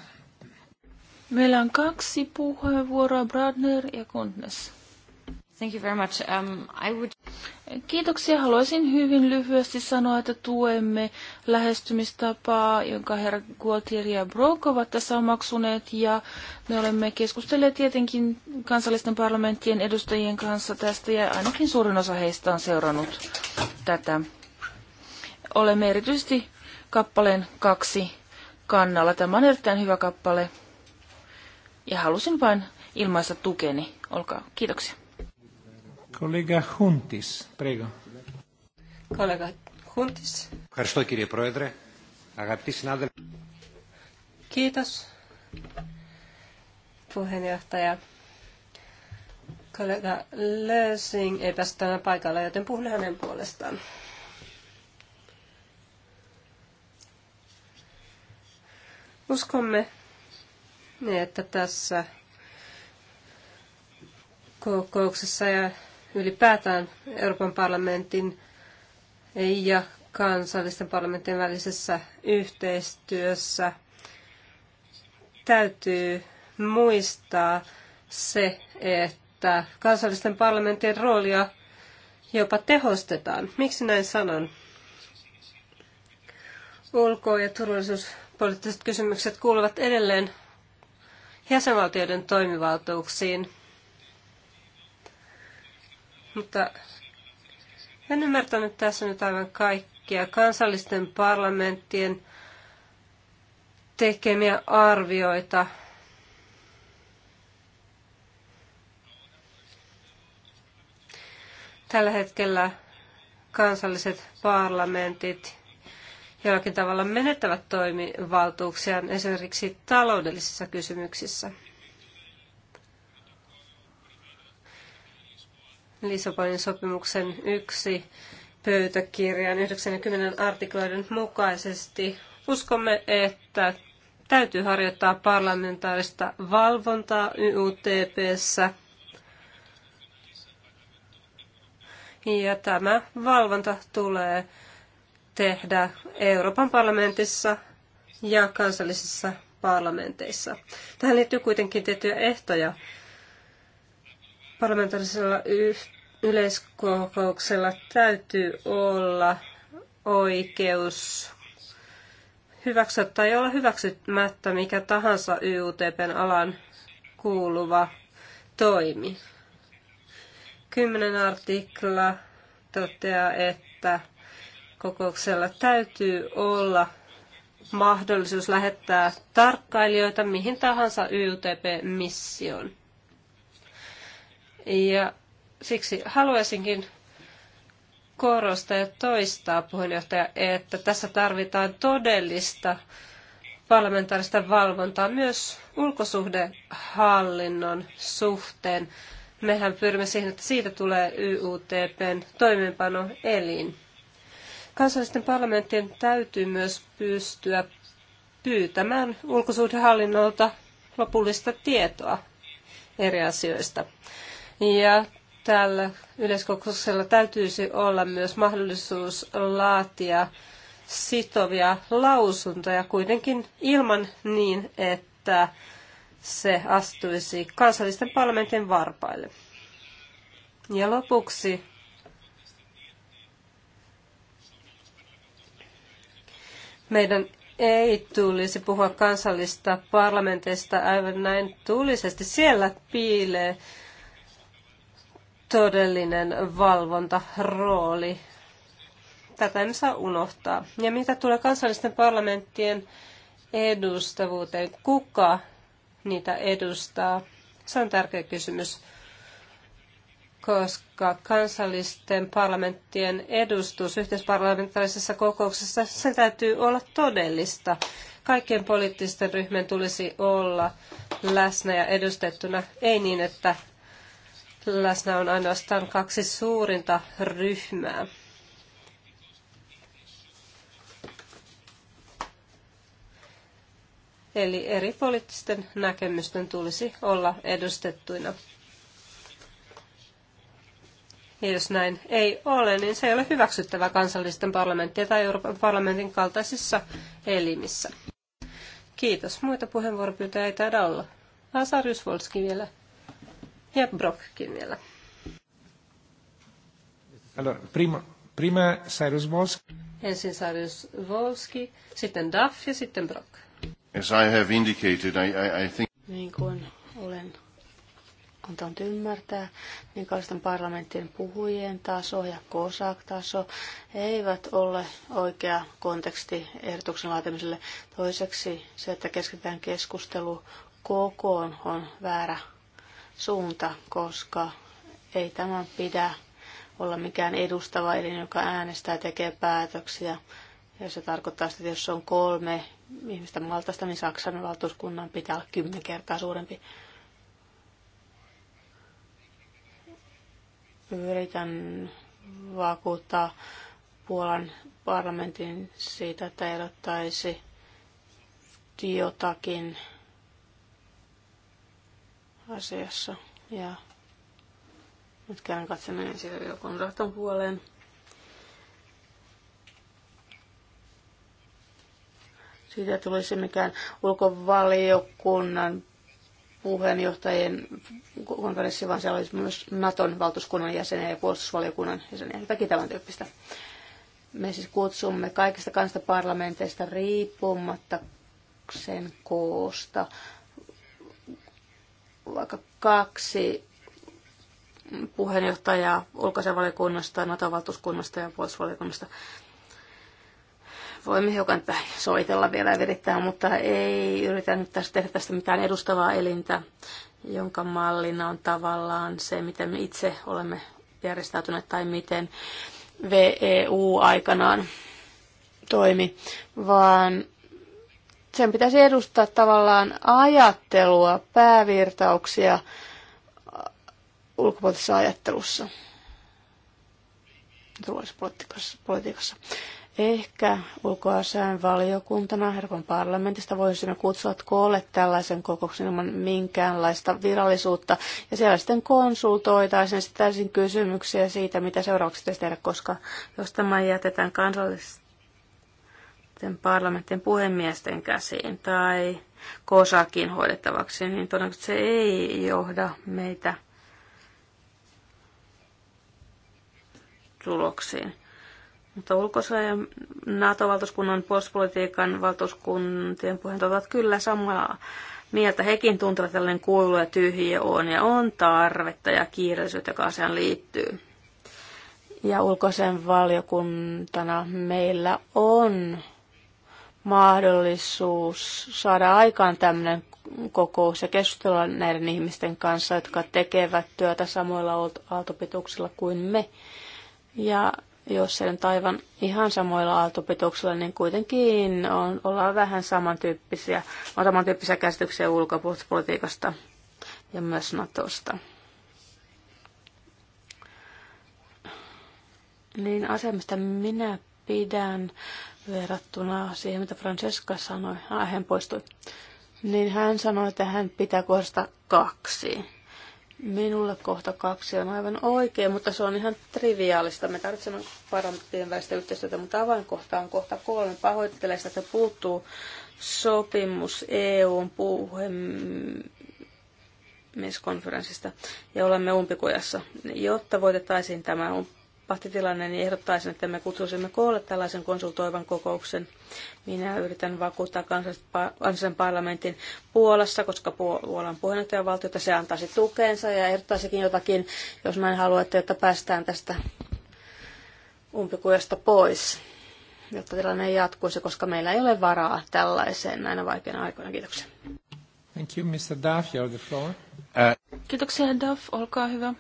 Meillä on kaksi puheenvuoroa, Bradner ja Kuntnes. Thank you very much. Um, I would... Kiitoksia. Haluaisin hyvin lyhyesti sanoa, että tuemme lähestymistapaa, jonka herra Gualtier ja Brok ovat tässä omaksuneet. Ja me olemme keskustelleet tietenkin kansallisten parlamenttien edustajien kanssa tästä ja ainakin suurin osa heistä on seurannut tätä. Olemme erityisesti kappaleen kaksi kannalla. Tämä on erittäin hyvä kappale ja halusin vain ilmaista tukeni. Olkaa. Kiitoksia. Kollega Huntis, prego. Kollega Huntis. Ευχαριστώ κύριε Πρόεδρε. Αγαπητοί συνάδελφοι. Kiitos puheenjohtaja. Kollega Lösing ei päässyt tänään paikalla, joten puhun hänen puolestaan. Uskomme, että tässä kokouksessa ja ylipäätään Euroopan parlamentin ja kansallisten parlamenttien välisessä yhteistyössä täytyy muistaa se, että kansallisten parlamenttien roolia jopa tehostetaan. Miksi näin sanon? Ulko- ja turvallisuuspoliittiset kysymykset kuuluvat edelleen jäsenvaltioiden toimivaltuuksiin. Mutta en ymmärtänyt tässä nyt aivan kaikkia kansallisten parlamenttien tekemiä arvioita. Tällä hetkellä kansalliset parlamentit jollakin tavalla menettävät toimivaltuuksiaan esimerkiksi taloudellisissa kysymyksissä. Lissabonin sopimuksen yksi pöytäkirjan 90 artikloiden mukaisesti. Uskomme, että täytyy harjoittaa parlamentaarista valvontaa YUTPssä. Ja tämä valvonta tulee tehdä Euroopan parlamentissa ja kansallisissa parlamenteissa. Tähän liittyy kuitenkin tiettyjä ehtoja parlamentaarisella yleiskokouksella täytyy olla oikeus hyväksyä tai olla hyväksymättä mikä tahansa YUTPn alan kuuluva toimi. Kymmenen artikla toteaa, että kokouksella täytyy olla mahdollisuus lähettää tarkkailijoita mihin tahansa YUTP-missioon. Ja siksi haluaisinkin korostaa ja toistaa, puheenjohtaja, että tässä tarvitaan todellista parlamentaarista valvontaa myös ulkosuhdehallinnon suhteen. Mehän pyrimme siihen, että siitä tulee YUTPn toimeenpanoelin. Kansallisten parlamenttien täytyy myös pystyä pyytämään ulkosuhdehallinnolta lopullista tietoa eri asioista. Ja tällä yleiskokouksella täytyisi olla myös mahdollisuus laatia sitovia lausuntoja kuitenkin ilman niin, että se astuisi kansallisten parlamentin varpaille. Ja lopuksi meidän ei tulisi puhua kansallista parlamenteista aivan näin tulisesti. Siellä piilee todellinen valvontarooli. Tätä en saa unohtaa. Ja mitä tulee kansallisten parlamenttien edustavuuteen, kuka niitä edustaa? Se on tärkeä kysymys, koska kansallisten parlamenttien edustus yhteisparlamentaarisessa kokouksessa, sen täytyy olla todellista. Kaikkien poliittisten ryhmien tulisi olla läsnä ja edustettuna, ei niin, että läsnä on ainoastaan kaksi suurinta ryhmää. Eli eri poliittisten näkemysten tulisi olla edustettuina. Ja jos näin ei ole, niin se ei ole hyväksyttävä kansallisten parlamenttien tai Euroopan parlamentin kaltaisissa elimissä. Kiitos. Muita puheenvuoropyyntöjä ei taida olla. Lasarius Volski vielä. Ja Brockkin vielä. prima, prima Cyrus Wolski. Ensin Cyrus Wolski, sitten Duff ja sitten Brock. As I have indicated, I, I, I think... Niin kuin olen antanut ymmärtää, niin kansallisten parlamenttien puhujien taso ja COSAC-taso eivät ole oikea konteksti ehdotuksen laatimiselle. Toiseksi se, että keskitytään keskustelu kokoon on väärä suunta, koska ei tämän pidä olla mikään edustava elin, joka äänestää ja tekee päätöksiä. Ja se tarkoittaa sitä, että jos on kolme ihmistä maltaista, niin Saksan valtuuskunnan pitää olla kymmenen kertaa suurempi. Yritän vakuuttaa Puolan parlamentin siitä, että ehdottaisi jotakin asiassa. Ja nyt käyn katsomaan siellä jonkun rahton puoleen. Siitä tulisi mikään ulkovaliokunnan puheenjohtajien konferenssi, vaan siellä olisi myös Naton valtuuskunnan jäseniä ja puolustusvaliokunnan jäseniä, jotakin tämän tyyppistä. Me siis kutsumme kaikista kansaparlamenteista riippumatta sen koosta vaikka kaksi puheenjohtajaa ulkoasevaliokunnasta, NATO-valtuuskunnasta ja puolustusvalikunnasta. Voimme hiukan soitella vielä ja virittää, mutta ei yritä nyt tästä tehdä tästä mitään edustavaa elintä, jonka mallina on tavallaan se, miten me itse olemme järjestäytyneet tai miten VEU aikanaan toimi, vaan sen pitäisi edustaa tavallaan ajattelua, päävirtauksia ulkopuolisessa ajattelussa, ruotsipolitiikassa, Ehkä ulkoasian valiokuntana Herkon parlamentista voisimme kutsua koolle tällaisen kokouksen ilman minkäänlaista virallisuutta. Ja siellä sitten konsultoitaisiin sitten täysin kysymyksiä siitä, mitä seuraavaksi pitäisi tehdä, koska jos tämä jätetään kansallisesti sen parlamentin puhemiesten käsiin tai kosakin hoidettavaksi, niin todennäköisesti se ei johda meitä tuloksiin. Mutta ulkoisen ja NATO-valtuuskunnan puolustuspolitiikan valtuuskuntien puheet ovat kyllä samaa mieltä. Hekin tuntevat tällainen kuulu ja tyhjiä on ja on tarvetta ja kiireellisyyttä, joka asiaan liittyy. Ja ulkoisen valiokuntana meillä on mahdollisuus saada aikaan tämmöinen kokous ja keskustella näiden ihmisten kanssa, jotka tekevät työtä samoilla aaltopituksilla kuin me. Ja jos se nyt aivan ihan samoilla aaltopituksilla, niin kuitenkin on, ollaan vähän samantyyppisiä, on samantyyppisiä käsityksiä ulkopuolustuspolitiikasta ja myös Natosta. Niin asemista minä pidän verrattuna siihen, mitä Francesca sanoi. Ah, hän poistui. Niin hän sanoi, että hän pitää kohdasta kaksi. Minulle kohta kaksi on aivan oikein, mutta se on ihan triviaalista. Me tarvitsemme parantien välistä yhteistyötä, mutta avainkohta on kohta kolme. Pahoittelee sitä, että puuttuu sopimus EUn puhemieskonferenssista ja olemme umpikujassa. Jotta voitettaisiin tämä um- pahtitilanne, niin ehdottaisin, että me kutsuisimme koolle tällaisen konsultoivan kokouksen. Minä yritän vakuuttaa kansallisen parlamentin Puolassa, koska Puolan että se antaisi tukeensa ja ehdottaisikin jotakin, jos halua, että jotta päästään tästä umpikujasta pois, jotta tilanne ei jatkuisi, koska meillä ei ole varaa tällaiseen näinä vaikeina aikoina. Kiitoksia. Thank you, Mr. Duff. You're the floor. Uh, Kiitoksia, Duff. Olkaa hyvä.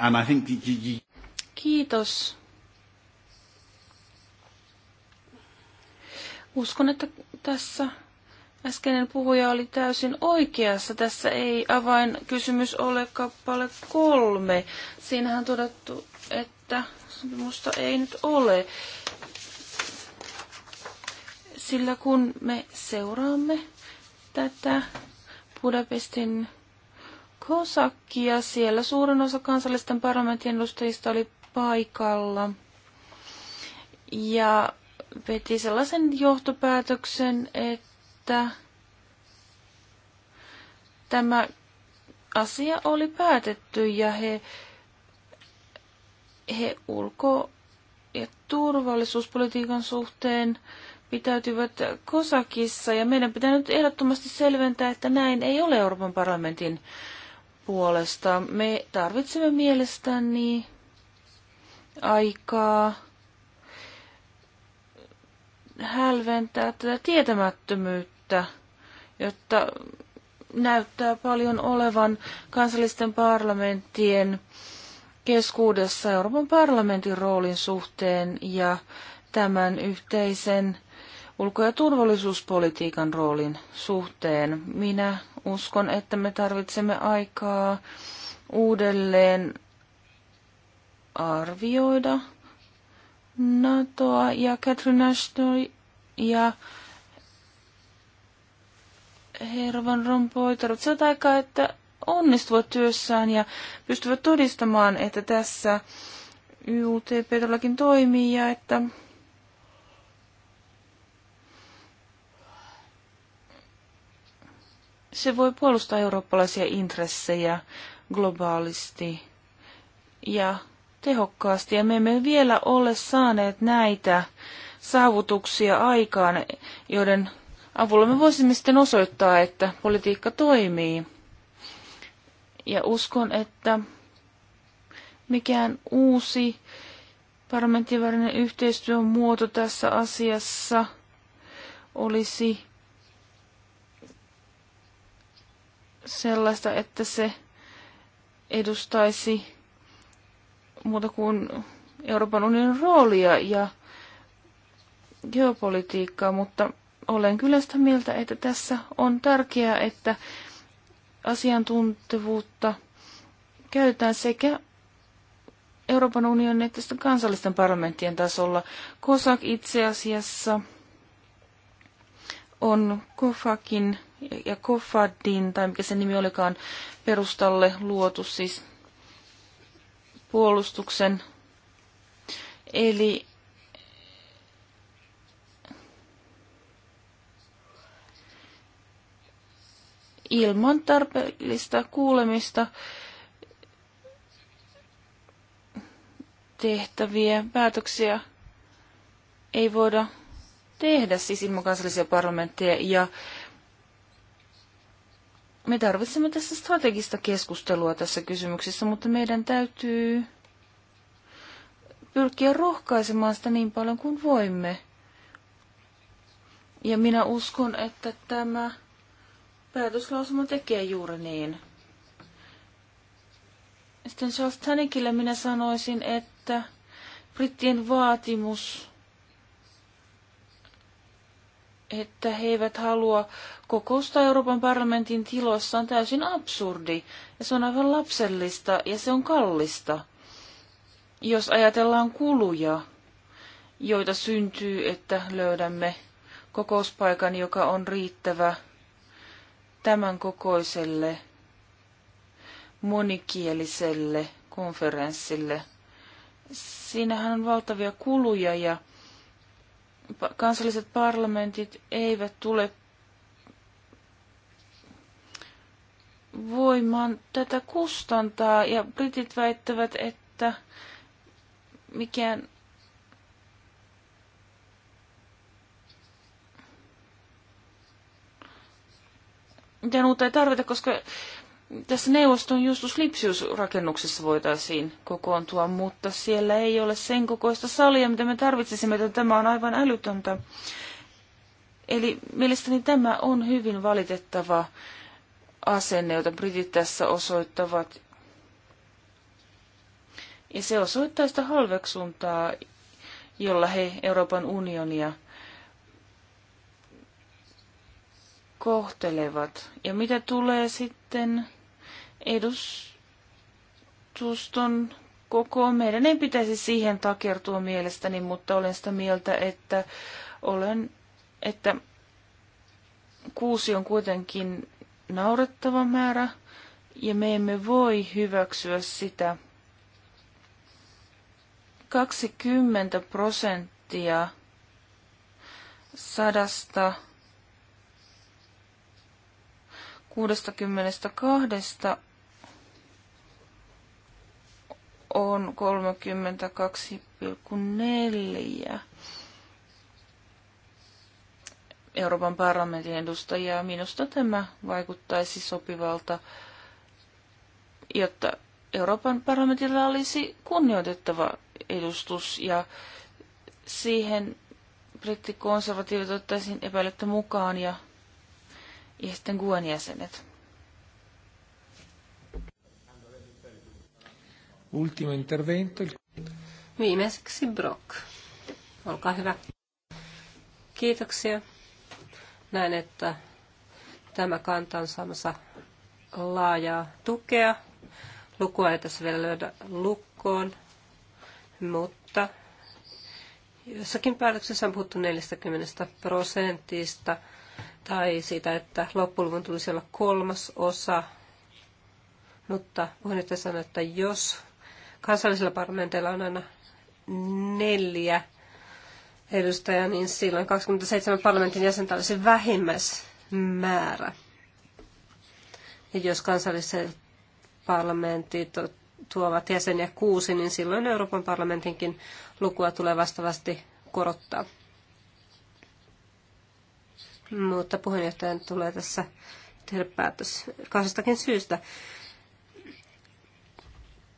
And I think you, you... Kiitos. Uskon, että tässä äskeinen puhuja oli täysin oikeassa. Tässä ei avainkysymys ole kappale kolme. Siinähän on todettu, että sopimusta ei nyt ole. Sillä kun me seuraamme tätä Budapestin kosakkia, siellä suurin osa kansallisten parlamentin edustajista oli paikalla ja veti sellaisen johtopäätöksen, että tämä asia oli päätetty ja he, he ulko- ja turvallisuuspolitiikan suhteen pitäytyvät Kosakissa ja meidän pitää nyt ehdottomasti selventää, että näin ei ole Euroopan parlamentin puolesta. Me tarvitsemme mielestäni aikaa hälventää tätä tietämättömyyttä, jotta näyttää paljon olevan kansallisten parlamenttien keskuudessa Euroopan parlamentin roolin suhteen ja tämän yhteisen ulko- ja turvallisuuspolitiikan roolin suhteen. Minä uskon, että me tarvitsemme aikaa uudelleen arvioida NATOa ja Catherine Ashton ja herra Van Rompuy tarvitsevat aikaa, että onnistuvat työssään ja pystyvät todistamaan, että tässä YUTP todellakin toimii ja että se voi puolustaa eurooppalaisia intressejä globaalisti ja tehokkaasti ja me emme vielä ole saaneet näitä saavutuksia aikaan, joiden avulla me voisimme sitten osoittaa, että politiikka toimii. Ja uskon, että mikään uusi parlamenttivälinen yhteistyön muoto tässä asiassa olisi sellaista, että se edustaisi muuta kuin Euroopan unionin roolia ja geopolitiikkaa, mutta olen kyllä sitä mieltä, että tässä on tärkeää, että asiantuntevuutta käytetään sekä Euroopan unionin että kansallisten parlamenttien tasolla. COSAC itse asiassa on COFAKin ja COFADin, tai mikä se nimi olikaan, perustalle luotu siis puolustuksen. Eli ilman tarpeellista kuulemista tehtäviä päätöksiä ei voida tehdä siis ilman kansallisia parlamentteja ja me tarvitsemme tässä strategista keskustelua tässä kysymyksessä, mutta meidän täytyy pyrkiä rohkaisemaan sitä niin paljon kuin voimme. Ja minä uskon, että tämä päätöslausuma tekee juuri niin. Sitten Charles Tannikille minä sanoisin, että brittien vaatimus että he eivät halua kokousta Euroopan parlamentin tiloissa on täysin absurdi. Ja se on aivan lapsellista ja se on kallista, jos ajatellaan kuluja, joita syntyy, että löydämme kokouspaikan, joka on riittävä tämän kokoiselle monikieliselle konferenssille. Siinähän on valtavia kuluja ja kansalliset parlamentit eivät tule voimaan tätä kustantaa. Ja britit väittävät, että mikään mitään uutta ei tarvita, koska tässä neuvoston Justus Lipsius-rakennuksessa voitaisiin kokoontua, mutta siellä ei ole sen kokoista salia, mitä me tarvitsisimme, joten tämä on aivan älytöntä. Eli mielestäni tämä on hyvin valitettava asenne, jota britit tässä osoittavat. Ja se osoittaa sitä halveksuntaa, jolla he Euroopan unionia kohtelevat. Ja mitä tulee sitten edustuston koko. Meidän ei pitäisi siihen takertua mielestäni, mutta olen sitä mieltä, että olen, että kuusi on kuitenkin naurettava määrä ja me emme voi hyväksyä sitä. 20 prosenttia sadasta 62 on 32,4 Euroopan parlamentin edustajaa. Minusta tämä vaikuttaisi sopivalta, jotta Euroopan parlamentilla olisi kunnioitettava edustus ja siihen brittikonservatiivit ottaisiin epäilettä mukaan ja, ja sitten Guen jäsenet. Ultimo intervento. Viimeiseksi Brock. Olkaa hyvä. Kiitoksia. Näin, että tämä kanta on saamassa laajaa tukea. Lukua ei tässä vielä löydä lukkoon, mutta jossakin päätöksessä on puhuttu 40 prosentista tai siitä, että loppuluvun tulisi olla kolmas osa. Mutta voin nyt sanoa, että jos kansallisilla parlamenteilla on aina neljä edustajaa, niin silloin 27 parlamentin jäsentä olisi vähimmäismäärä. Ja jos kansalliset parlamentit tuovat jäseniä kuusi, niin silloin Euroopan parlamentinkin lukua tulee vastaavasti korottaa. Mutta puheenjohtajan tulee tässä tehdä päätös kahdestakin syystä.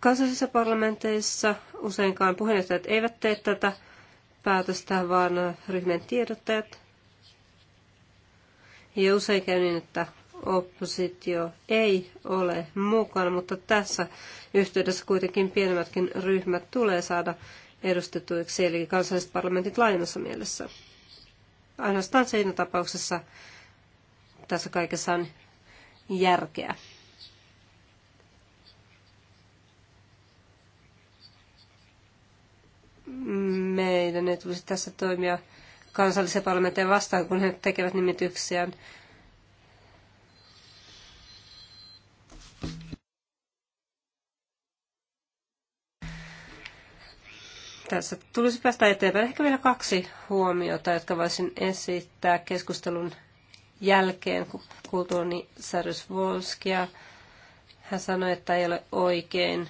Kansallisissa parlamenteissa useinkaan puheenjohtajat eivät tee tätä päätöstä, vaan ryhmien tiedottajat. Ja usein käy niin, että oppositio ei ole mukana, mutta tässä yhteydessä kuitenkin pienemmätkin ryhmät tulee saada edustetuiksi, eli kansalliset parlamentit laajemmassa mielessä. Ainoastaan siinä tapauksessa tässä kaikessa on järkeä. meidän ei tulisi tässä toimia kansallisen parlamentin vastaan, kun he tekevät nimityksiään. Tässä tulisi päästä eteenpäin. Ehkä vielä kaksi huomiota, jotka voisin esittää keskustelun jälkeen, kun kuultuani Sarys Volskia. Hän sanoi, että ei ole oikein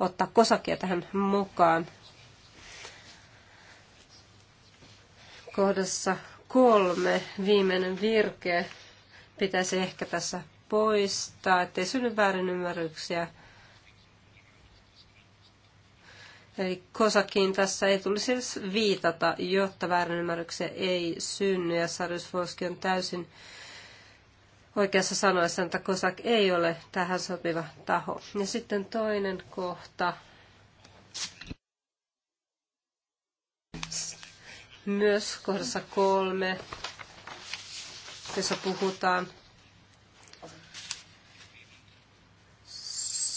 ottaa kosakia tähän mukaan. Kohdassa kolme, viimeinen virke, pitäisi ehkä tässä poistaa, ettei synny väärinymmärryksiä. Eli kosakin tässä ei tulisi edes viitata, jotta väärinymmärryksiä ei synny. Ja Sarjus on täysin oikeassa sanoessa, että kosak ei ole tähän sopiva taho. Ja sitten toinen kohta. myös kohdassa kolme, jossa puhutaan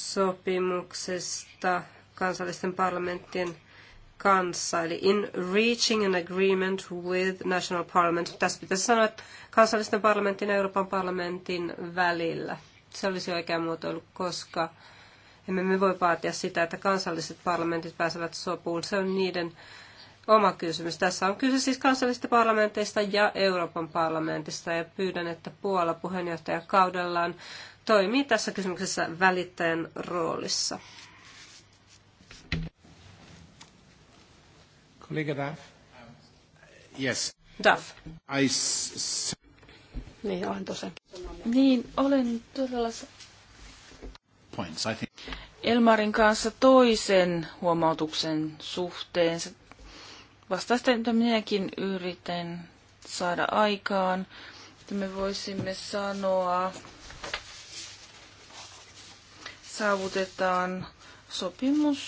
sopimuksesta kansallisten parlamenttien kanssa, eli in reaching an agreement with national parliament. Tässä pitäisi sanoa, että kansallisten parlamentin ja Euroopan parlamentin välillä. Se olisi oikea muotoilu, koska emme me voi vaatia sitä, että kansalliset parlamentit pääsevät sopuun. Se on niiden oma kysymys. Tässä on kyse siis kansallisista parlamenteista ja Euroopan parlamentista ja pyydän, että Puola kaudellaan toimii tässä kysymyksessä välittäjän roolissa. Kollega Duff. Yes. Duff. I s- niin, olen tosiaan. Niin, olen todella... Points, I think. Elmarin kanssa toisen huomautuksen suhteen. Se vastaista, mitä minäkin yritän saada aikaan, että me voisimme sanoa, saavutetaan sopimus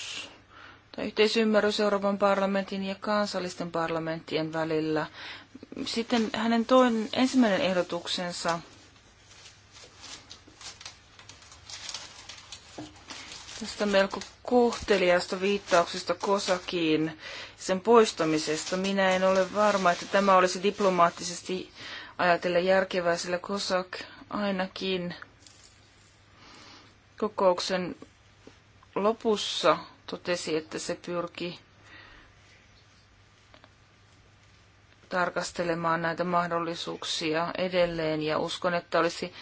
tai yhteisymmärrys Euroopan parlamentin ja kansallisten parlamenttien välillä. Sitten hänen toinen, ensimmäinen ehdotuksensa – tästä melko kohteliasta viittauksesta Kosakiin, sen poistamisesta. Minä en ole varma, että tämä olisi diplomaattisesti ajatella järkevää, sillä Kosak ainakin kokouksen lopussa totesi, että se pyrki tarkastelemaan näitä mahdollisuuksia edelleen ja uskon, että olisi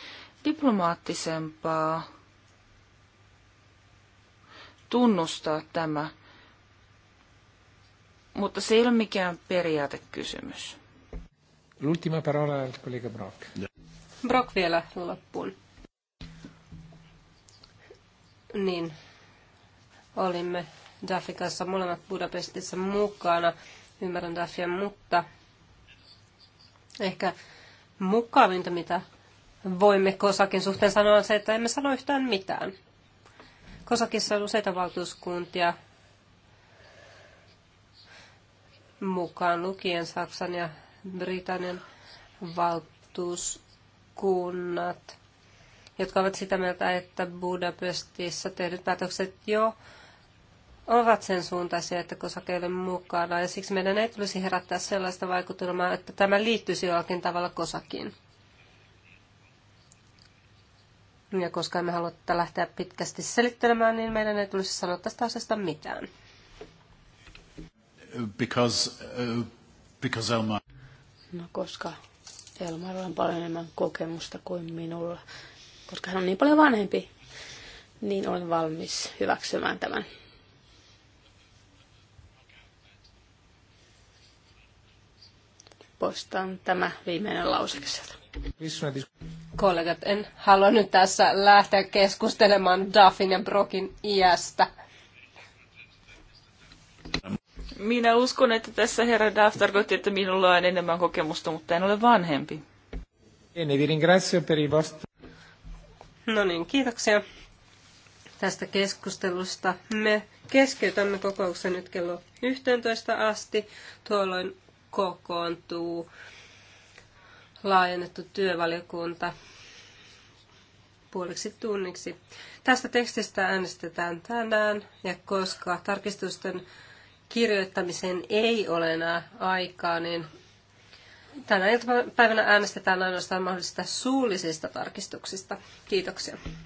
diplomaattisempaa tunnustaa tämä, mutta se ei ole mikään periaatekysymys. L'ultima parola al collega Brock. Brock vielä loppuun. Niin, olimme Daffin kanssa molemmat Budapestissa mukana. Ymmärrän Daffia, mutta ehkä mukavinta, mitä voimme Kosakin suhteen sanoa, on se, että emme sano yhtään mitään. Kosakissa on useita valtuuskuntia mukaan lukien Saksan ja Britannian valtuuskunnat, jotka ovat sitä mieltä, että Budapestissa tehdyt päätökset jo ovat sen suuntaisia, että kosakeille mukana. Ja siksi meidän ei tulisi herättää sellaista vaikutelmaa, että tämä liittyisi jollakin tavalla kosakiin. Ja koska emme halua tätä lähteä pitkästi selittelemään, niin meidän ei tulisi sanoa tästä asiasta mitään. Because, uh, because Elmar... No koska Elmar on paljon enemmän kokemusta kuin minulla. Koska hän on niin paljon vanhempi, niin olen valmis hyväksymään tämän Poistan tämä viimeinen lauseke sieltä. Kollegat, en halua nyt tässä lähteä keskustelemaan Duffin ja Brokin iästä. Minä uskon, että tässä herra Duff tarkoitti, että minulla on enemmän kokemusta, mutta en ole vanhempi. ringrazio per i No niin, kiitoksia tästä keskustelusta. Me keskeytämme kokouksen nyt kello 11 asti. Tuolloin kokoontuu laajennettu työvaliokunta puoliksi tunniksi. Tästä tekstistä äänestetään tänään ja koska tarkistusten kirjoittamiseen ei ole enää aikaa, niin tänä iltapäivänä äänestetään ainoastaan mahdollisista suullisista tarkistuksista. Kiitoksia.